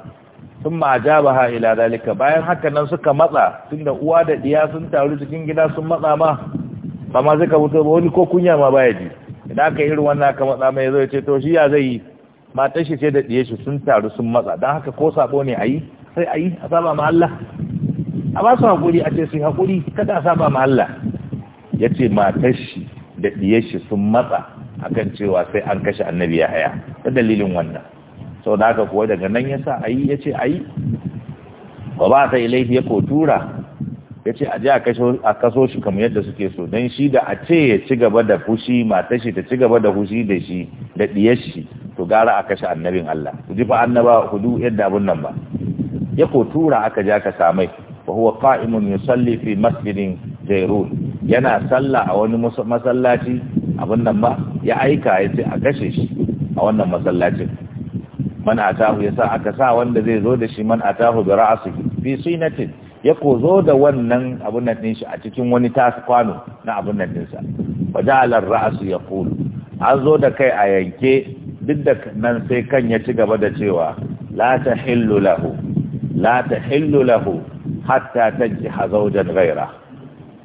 sun maja ba ha ila dalika bayan haka nan suka matsa tunda uwa da diya sun taru cikin gida sun matsa ma ba ma suka fito ba wani ko kunya ma baya ji idan aka irin wannan aka matsa mai zai ce to shi ya zai yi matar shi ce da diye shi sun taru sun matsa don haka ko sabo ne a yi sai a yi a saba ma Allah a ba su haƙuri a ce su haƙuri kada a saba ma Allah ya ce matar shi da diye shi sun matsa akan cewa sai an kashe annabi ya haya da dalilin wannan sau da aka kuwa daga nan ya sa a yi ya ce a yi ba ba ta ilaihi ya ko tura ya ce a je a kaso shi kamar yadda suke so don shi da a ce ya ci gaba da fushi matar shi ta ci gaba da fushi da shi da diyar shi to gara a kashe annabin Allah ku ji fa annaba hudu yadda abun nan ba ya ko tura aka ja ka samai wa huwa qa'imun yusalli fi masjidin jairun yana sallah a wani masallaci abun nan ba ya aika ya ce a kashe shi a wannan masallacin man atahu yasa aka sa wanda zai zo da shi man atahu bi ra'sihi fi sinatin ya ko zo da wannan abun nan din shi a cikin wani tas kwano na abun nan din sa wa ja'ala ar-ra's yaqul an zo da kai a yanke duk da nan sai kan ya ci gaba da cewa la tahillu lahu la tahillu lahu hatta tankiha hazawjan ghayra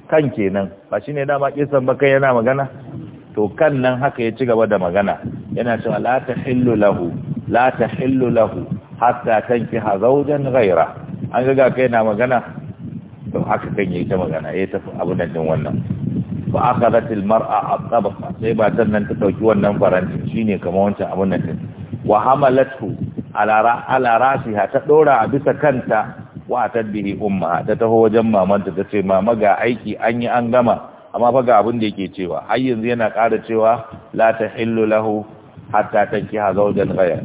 kan kenan ba shine dama kisan ba kai yana magana to kan nan haka ya ci gaba da magana yana cewa la tahillu lahu la hillu lahu hatta tankiha zawjan ghayra an ga kai na magana to haka kan yi ta magana yayi ta abu da din wannan fa akhadhat al mar'a at-tabqa sai matan nan ta dauki wannan faranti shine kamar wancan abun nan din wa hamalathu ala ala rasiha ta dora a bisa kanta wa tadbihi umma ta taho wajen mamanta ta ce mama ga aiki an yi an gama amma fa ga abin da yake cewa har yanzu yana ƙara cewa la tahillu lahu hatta ta ki zawjan ghayr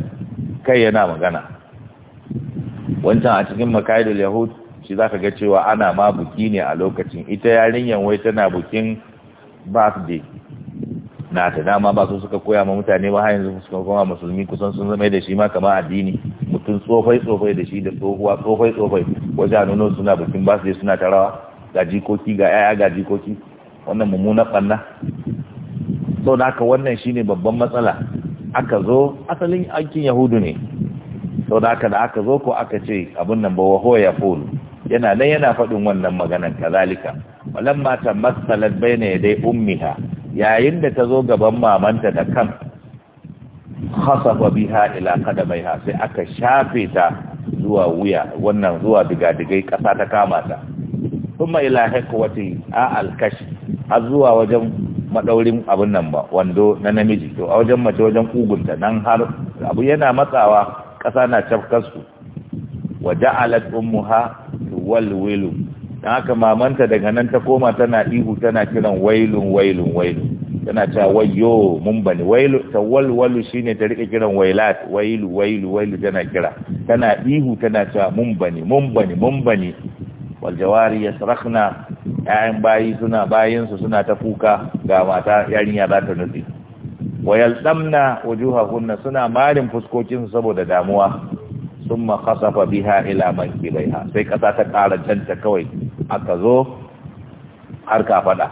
kai yana magana wancan a cikin makaidul yahud shi zaka ga cewa ana ma buki ne a lokacin ita yarinyar wai tana bukin birthday na ta dama ba su suka koya ma mutane ba har yanzu suka koma musulmi kusan sun zama da shi ma kamar addini mutum tsofai tsofai da shi da tsohuwa tsofai tsofai wajen nuno suna bukin birthday suna tarawa ga jikoki ga yaya ga jikoki wannan mummunan banna sau da haka wannan shine babban matsala aka zo asalin aikin yahudu ne sau da aka da aka zo ko aka ce abin nan ba waho ya fulu yana nan yana faɗin wannan maganan kazalika walan mata matsalar bai ne dai ummiha yayin da ta zo gaban mamanta da kan hasafa biha ila kada ha, sai aka shafe ta zuwa wuya wannan zuwa digadigai kasa ta kama ta kuma ila haikwati a alkashi har zuwa wajen maɗaurin abin nan ba wando na namiji to a wajen mace wajen kugunta nan har abu yana matsawa ƙasa na cafkarsu wa ja'alat ummuha wailu dan haka mamanta daga nan ta koma tana ihu tana kiran wailun wailun wailu tana ta wayo mun bani wailu ta walu shine ta rike kiran wailat wailu wailu wailu tana kira tana ihu tana ta mun bani mun bani mun bani wal jawari yasrakhna Ya'yan bayi suna bayinsu suna ta kuka ga mata yarinya za ta nutse wa wujuha wujuhahunna suna marin fuskokinsu saboda damuwa summa khasafa biha ila kibaiha, sai kasa ta ƙara canta kawai aka zo har ka fada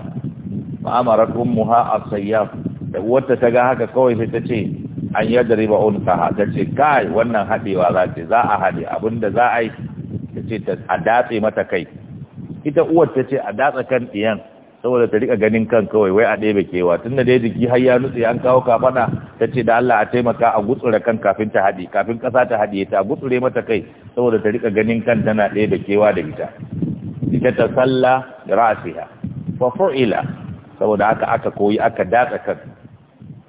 ma'amarat ummuha as-sayyaf da wata ta ga haka kawai sai ta ce an yadriba unkaha ta ce kai wannan hadewa za ta za a hade abinda za a yi ta ce a datse mata kai ita uwar ta ce a datsa kan ɗiyan saboda ta rika ganin kan kawai wai a ɗebe kewa tun da dai jiki har ya nutse an kawo kafana ta ce da Allah a taimaka a gutsura kan kafin ta haɗe kafin ƙasa ta haɗe ta gutsure mata kai saboda ta rika ganin kan tana ɗebe kewa da ita ita ta salla da ra'asiha fa fu'ila saboda haka aka koyi aka datsa kan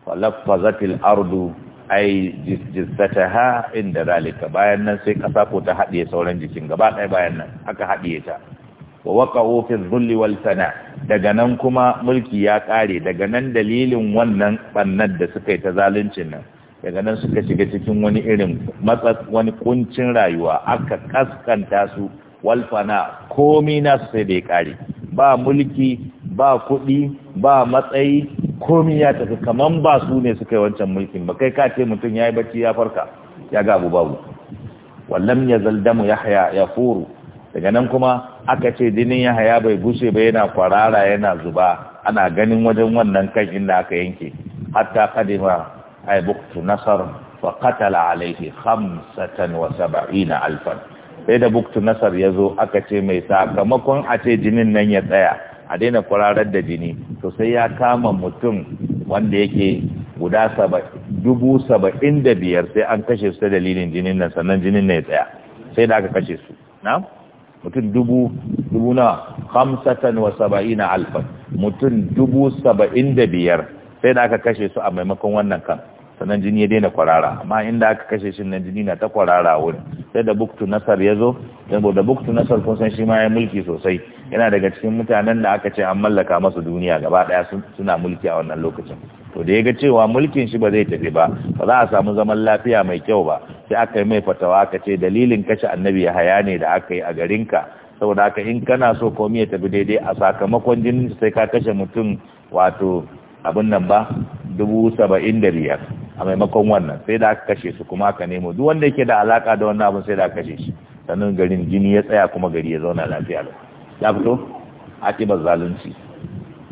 falaffazatil ardu ai jizzataha inda zalika bayan nan sai ƙasa ko ta haɗiye sauran jikin gaba ɗaya bayan nan aka haɗe ta wa waqa'u fi dhulli wal fana daga nan kuma mulki ya kare daga nan dalilin wannan bannan da suka yi ta zaluncin nan daga nan suka shiga cikin wani irin matsas wani kuncin rayuwa aka kaskanta su wal fana komai na su sai bai ya kare ba mulki ba kuɗi ba matsayi komai ya tafi kaman ba su ne suka yi wancan mulkin ba kai ka ce mutum ya yi bacci ya farka ya ga babu wallam ya zaldamu ya haya ya furu daga nan kuma aka ce jinin yahaya bai gushe ba yana kwarara yana zuba ana ganin wajen wannan kan inda aka yanke hatta kadima ay buktu nasar wa qatala alayhi khamsatan wa sab'ina alfan sai da buktu nasar yazo aka ce mai sakamakon a ce jinin nan ya tsaya a daina kwararar da jini to sai ya kama mutum wanda yake guda dubu saba'in da biyar sai an kashe su ta dalilin jinin nan sannan jinin nan ya tsaya sai da aka kashe su na'am mutum dubu dubu na hamsatan wa na alfan mutum dubu saba'in da biyar sai da aka kashe su a maimakon wannan kan sannan jini ya daina kwarara amma inda aka kashe shi nan jini na ta kwarara wuri sai da buktu nasar ya zo da buktu nasar kun san shi ma ya mulki sosai yana daga cikin mutanen da aka ce an mallaka masa duniya gaba daya suna mulki a wannan lokacin to da ya ga cewa mulkin shi ba zai tafi ba ba za a samu zaman lafiya mai kyau ba sai aka yi mai fatawa aka ce dalilin kashe annabi ya haya ne da aka yi a garinka saboda haka in kana so komai ya tafi daidai a sakamakon jinin sai ka kashe mutum wato abin nan ba dubu saba'in da biyar a maimakon wannan sai da aka kashe su kuma aka nemo duk wanda yake da alaka da wannan abin sai da aka kashe shi sannan garin jini ya tsaya kuma gari ya zauna lafiya lafiya ya fito akibar zalunci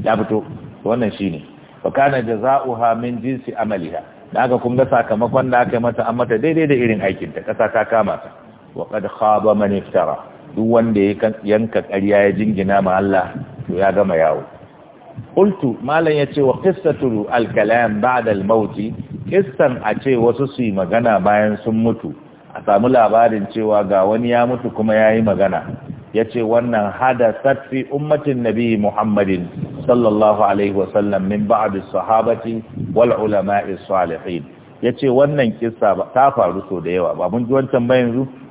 ya fito wannan shine fa kana jazaoha min jinsi amaliha daga kun ga sakamakon da aka yi mata an mata daidai da irin aikin ta kasa ta kama ta wa qad khaba man iftara duk wanda ya yanka ƙarya ya jingina ma Allah to ya gama yawo qultu malan yace wa qissatu turu kalam ba'da al-maut qissan a ce wasu su yi magana bayan sun mutu a samu labarin cewa ga wani ya mutu kuma ya yi magana ya ce wannan hada fi ummatin nabi muhammadin sallallahu alaihi wasallam min ba'adis sahabati wal ulama'i salihin ya ce wannan kisa ta faru so da yawa ba mun ji wancan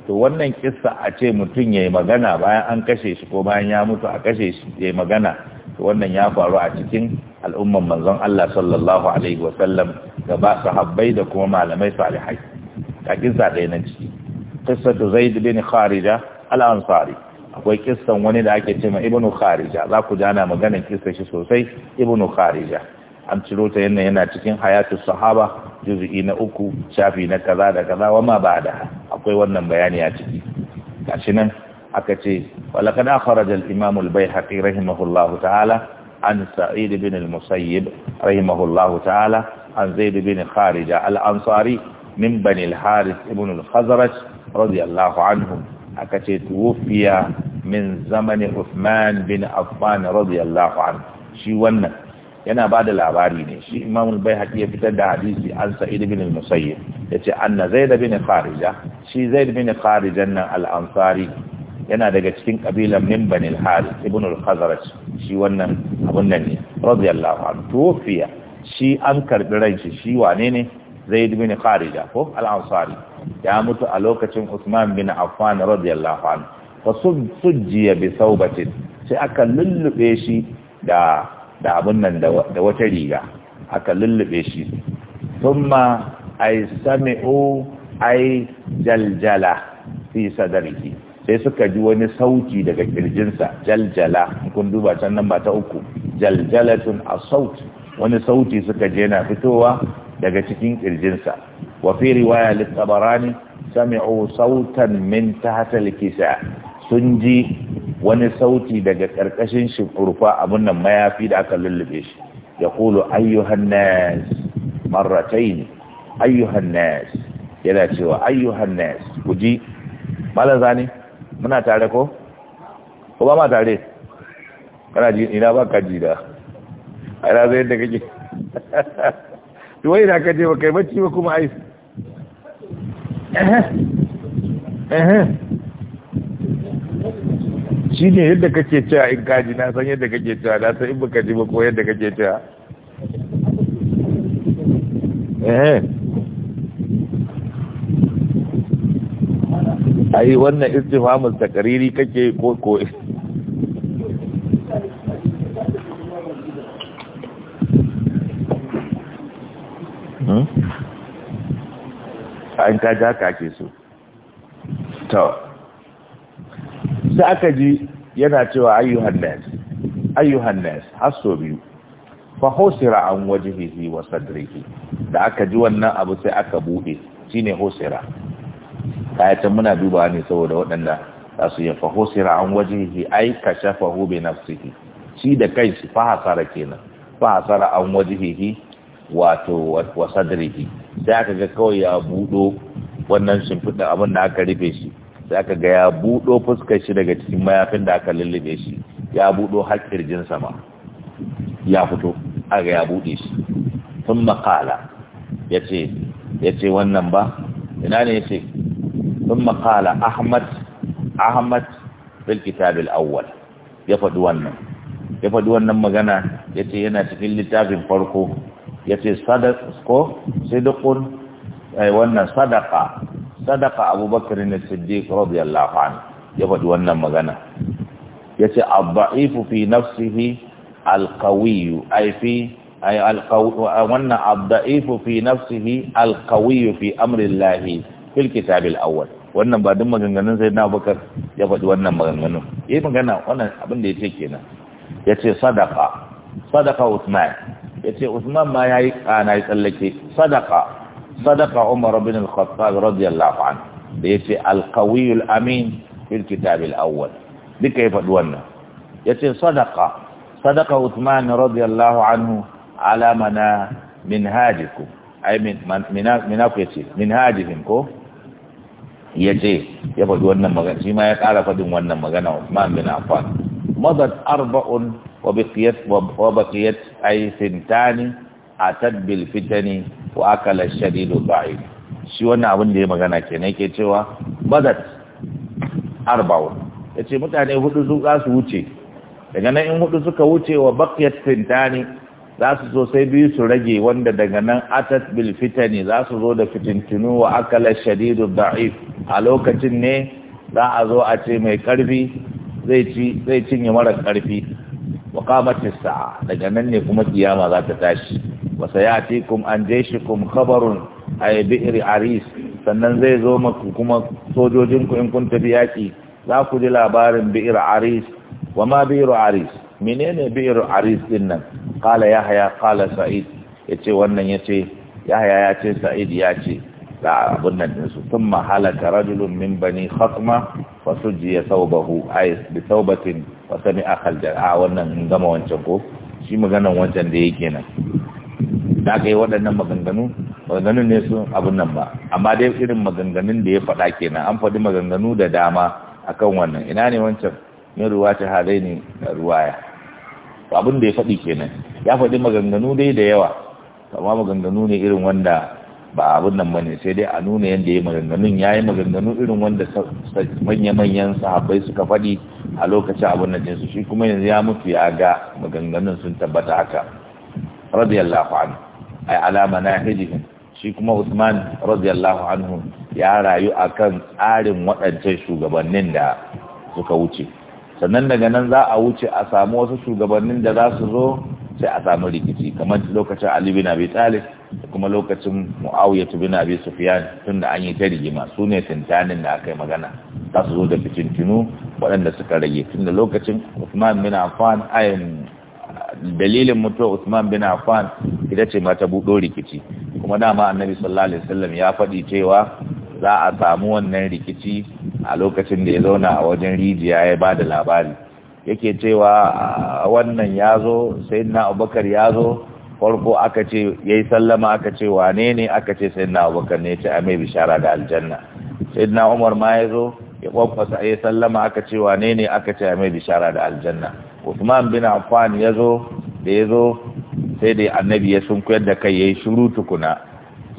to wannan kisa a ce mutum ya yi magana bayan an kashe shi ko bayan ya mutu a kashe shi ya yi magana to wannan ya faru a cikin al'umman manzon Allah sallallahu alaihi wasallam da ba sahabbai da kuma malamai salihai ta kisa ɗaya na ciki qissatu zaid bin kharija al-ansari akwai kissan wani da ake cema ibnu kharija za ku jana maganar kissa shi sosai ibnu kharija an ciro ta yana yana cikin hayatu sahaba juz'i na uku shafi na kaza da kaza wa ma da akwai wannan bayani a ciki gashi nan aka ce walaqad akhraja al-imam al-baihaqi rahimahullahu ta'ala an sa'id ibn al-musayyib rahimahullahu ta'ala an zaid ibn kharija al-ansari min bani al-harith ibn al-khazraj radiyallahu anhum aka ce tuwufiya min zamanin Uthman bin Affan radiyallahu anhu shi wannan yana ba da labari ne shi imamul bai haƙi ya fitar da hadisi an sa'id bin al-musayyib ya ce anna zai zaid bin kharija shi zaid bin kharijan nan al'ansari. yana daga cikin ƙabilan min bani al-harith ibn al-khazraj shi wannan abun nan ne radiyallahu anhu tufiya shi an karɓi ran shi shi wane ne zaid bin kharija ko al-ansari ya mutu a lokacin usman bin affan radiyallahu anhu fa sujjiya bi saubatin sai aka lullube shi da da abun nan da wata riga aka lullube shi thumma ay sami'u ay jaljala fi sadrihi sai suka ji wani sauti daga kirjinsa jaljala kun duba can nan ba ta uku jaljalatun a saut wani sauti suka je na fitowa daga cikin kirjinsa wa fi riwaya littabarani sami'u sautan min tahta al-kisa sun ji wani sauti daga karkashin shifurfa abun nan mayafi da aka lullube shi ya kulu ayyuhan nas marratayn ayyuhan nas yana cewa ayyuhan nas ku ji malaza ne muna tare ko ko ba ma tare kana ji ina ba ka ji da ai na zai da kake (laughs) wai da ka je ba kai bacci ba kuma ai shi ne yadda kake cewa in kaji na san yadda kake cewa na san in ka ji ba ko yadda kake cewa A yi wannan istifhamus takariri kake ko ko haka an kaji haka ake so to sai aka ji yana cewa ayyuhan nas ayyuhan nas hasso biyu fa hosira an wajhihi wasa direki da aka ji wannan abu sai aka bude shine hosira ta muna dubawa ne saboda waɗanda za su yi fa husira an wajhihi ai hube na nafsihi shi da kanshi fa hasara kenan fa hasara an wajhihi wato wa sadrihi sai aka ga kawai ya budo wannan shimfiɗin abin da aka rufe shi sai aka ga ya budo fuskar shi daga cikin mayafin da aka lullube shi ya budo har kirjin sama ya fito aka ya bude shi sun makala ya ce wannan ba ina ne ya ce sun makala ahmad ahmad fil kitabil awwal ya faɗi wannan ya faɗi wannan magana ya ce yana cikin littafin farko yace sadaq ko sidqun ai eh, wannan sadaqa sadaqa abubakar ne siddiq radiyallahu anhu ya faɗi wannan magana yace ad-da'ifu fi nafsihi al-qawi ai fi ai al eh, wannan ad-da'ifu fi nafsihi al fi amri Allah fil kitab al wannan ba duk maganganun sai na bakar ya faɗi wannan maganganun ya magana wannan abin da ya ce kenan yace ce sadaka sadaka usman ya ce usman ma ya yi ƙana ya tsallake sadaka sadaka umar bin al-khattab radiyallahu an da ya ce alkawiyul amin fil kitab al-awwal duka ya faɗi wannan ya ce sadaka sadaka usman radiyallahu anhu alamana min hajikum ai mina ku ya ce min hajihim ko ya ce ya faɗi wannan magana shi ma ya ƙara faɗin wannan magana usman bin affan مضت أربع وبقيت وبقيت أي سنتان أتت بالفتن وأكل الشديد الضعيف shi wannan abin da ya magana ke ne ke cewa badat arba'un ya ce mutane hudu su za su wuce daga nan in hudu suka wuce wa bakiyar fintani za su so sai biyu su rage wanda daga nan atat bil fitani za su zo da fitintinu wa akala shadidu da'if a lokacin ne za a zo a ce mai karfi zai cinye mara karfi wa qamatis sa'a daga nan ne kuma kiyama za ta tashi ce kum an kum kabarun a bi'r aris sannan zai zo maku kuma sojojinku in kun tafi yaki za ku ji labarin biiri aris wa ma bi'r aris menene bi'r aris din nan ya haya qala sa'id ce wannan yace yahya yace sa'id yace da abin nan ɗinsu? Sun thumma rajulun min bani khatma ya saubahu ai bi saubatin wa sami akhal A wannan in gama wancan ko shi maganan wancan da yake nan da kai waɗannan maganganu maganganun ne su abun nan ba amma dai irin maganganun da ya faɗa kenan an faɗi maganganu da dama akan wannan ina ne wancan ta ruwata halaini ruwaya abin da ya faɗi kenan ya faɗi maganganu dai da yawa amma maganganu ne irin wanda ba abin nan bane sai dai a nuna yadda ya yi maganganun ya yi maganganu irin wanda manya-manyan sahabbai suka faɗi a lokacin abin nan jinsu shi kuma yanzu ya mutu ya ga maganganun sun tabbata haka radiyallahu anhu ai alama na hijihim shi kuma Usman radiyallahu anhu ya rayu akan tsarin waɗancan shugabannin da suka wuce sannan daga nan za a wuce a samu wasu shugabannin da za su zo sai a samu rikici kamar lokacin Ali bin Abi Talib kuma lokacin mu'awiyatu bin abi sufyan tun da an yi ta rigima su ne sintanin da aka yi magana za su zo da tunu waɗanda suka rage tun da lokacin usman bin affan ayin dalilin mutuwa usman bin affan ita ce ma ta buɗo rikici kuma dama annabi sallallahu alaihi wasallam ya faɗi cewa za a samu wannan rikici a lokacin da ya zauna a wajen rijiya ya ba da labari yake cewa wannan ya zo sai na abubakar ya zo farko aka ce yi sallama aka ce wane ne aka ce sayyidina abubakar ne ya ce a mai bishara da aljanna na umar ma ya zo ya kwakwasa ya sallama aka ce wane ne aka ce a mai bishara da aljanna usman bin affan ya zo da ya zo sai da annabi ya sunkuyar da kai ya yi shuru tukuna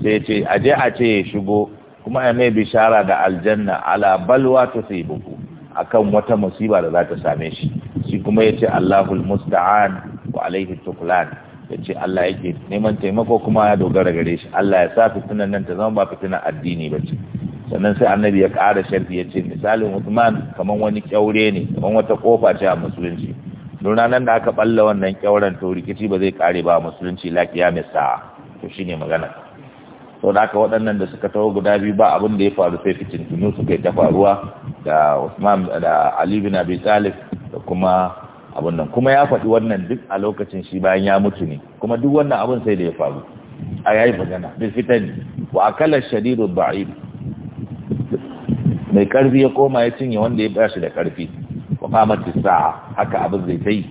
sai ce a je a ce ya shigo kuma ya mai bishara da aljanna ala balwa ta sai buku akan wata musiba da za ta same shi shi kuma ya ce allahul musta'an wa alaihi tuklan ya Allah yake neman taimako kuma ya dogara gare shi Allah ya sa fitinan nan ta zama ba fitina addini ba ce sannan sai annabi ya kara sharfi ya ce misalin Uthman kamar wani kyaure ne kaman wata kofa ce a musulunci don ranar da aka balla wannan kyauren to rikici ba zai kare ba musulunci lafiya mai sa'a to shine magana to da aka waɗannan da suka taho guda biyu ba abin da ya faru sai fitintunu suka yi ta faruwa da Uthman da Ali bin Abi Talib da kuma abun nan kuma ya faɗi wannan duk a lokacin shi bayan ya mutu ne kuma duk wannan abun sai da ya faru a yayi magana bil ne. wa akala shadidu da'if mai karfi ya koma ya cinye wanda ya bashi da karfi wa qamat saa haka abin zai tai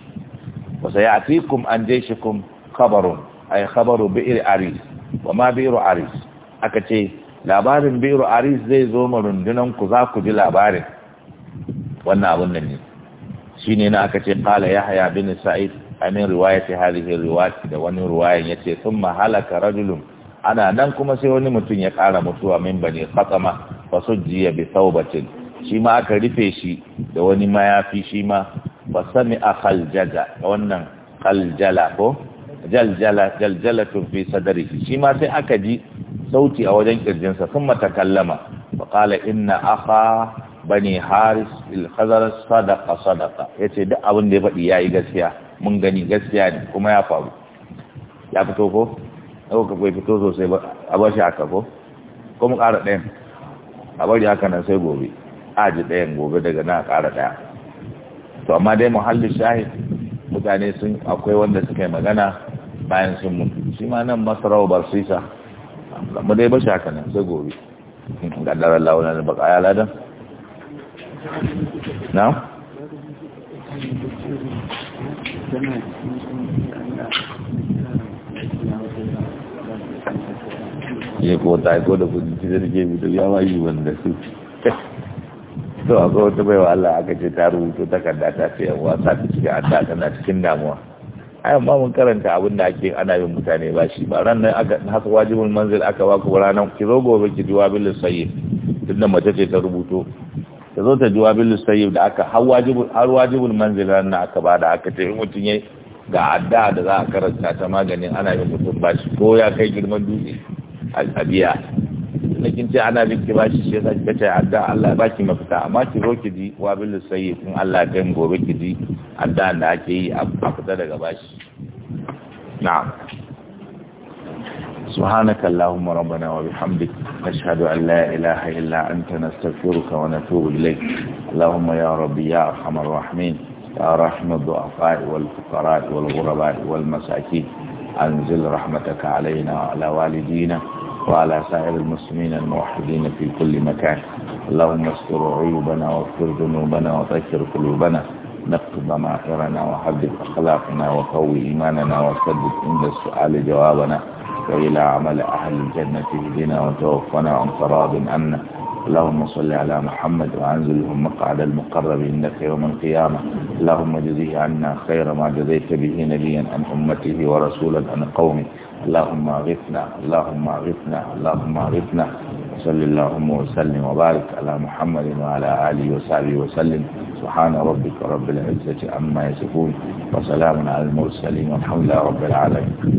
wa sayatikum an jayshikum khabarun ay khabaru bi'r aris wa ma bi'r aris aka ce labarin bi'r aris zai zo ma ku za ku ji labarin wannan abun nan ne Shi ne na aka ce ya haya bin sa'id amin riwayati halihin riwayati da wani riwayan yace sun halaka rajulun ana nan kuma sai wani mutum ya kara mutuwa min bani qatama fa jiya bi thawbatin shi ma aka rufe shi da wani mayafi shi ma fa sami'a khaljaja wannan khaljala ko jaljala tun fi sadari shi ma sai aka ji sauti a wajen kirjinsa sun matakallama fa kala inna aka. bani haris ilhazar sadaka sadaka ya ce duk abin da ya faɗi ya yi gaskiya mun gani gaskiya ne kuma ya faru ya fito ko? yau ka fito sosai a ba shi aka ko? ko mu ƙara ɗayan a bari haka nan sai gobe aji ɗayan gobe daga na ƙara ɗaya to amma dai muhalli shahid mutane sun akwai wanda suka yi magana bayan sun mutu shi ma nan masarau sisa amma dai ba shi haka nan sai gobe ga daren launar baka ya ladan na? ya kota ko da kudi jirage mai da yawa yi wanda su to a ga wata baiwa Allah aka ce ta rubuto takarda ta ce yawa ta ta cikin adda tana cikin damuwa ai amma mun karanta abin da ake ana yin mutane ba shi ba ran nan aka haka wajibul manzil aka ba ku ranan ki zo gobe ki duwa bil sayyid tunda mace ce ta rubuto ta zo ta ji sayyid da aka har wajibul har wajibul manzila na aka bada aka ce mutum yayi ga adda da za a karanta ta maganin ana yin mutum bashi ko ya kai girman dutse a biya kin ce ana bin ki bashi shi yasa kika ce adda Allah ba ki mafita amma ki zo ki ji wabilu sayyid in Allah kai gobe ki ji adda da ake yi a fita daga bashi na'am سبحانك اللهم ربنا وبحمدك نشهد أن لا إله إلا أنت نستغفرك ونتوب إليك اللهم يا ربي يا أرحم الراحمين يا رحم الضعفاء والفقراء والغرباء والمساكين أنزل رحمتك علينا وعلى والدينا وعلى سائر المسلمين الموحدين في كل مكان اللهم استر عيوبنا واغفر ذنوبنا وطهر قلوبنا نقض ضمائرنا وحدد أخلاقنا وقوي إيماننا وسدد عند السؤال جوابنا إلى عمل أهل الجنة بنا وتوفنا عن صراب عنا اللهم صل على محمد وأنزلهم مقعد المقرب إنك يوم القيامة اللهم جزيه عنا خير ما جزيت به نبيا عن أمته ورسولا عن قومه اللهم اغثنا اللهم اغثنا اللهم اغثنا صلى اللهم وسلم وبارك على محمد وعلى آله وصحبه وسلم سبحان ربك رب العزة عما يصفون وسلام على المرسلين والحمد لله رب العالمين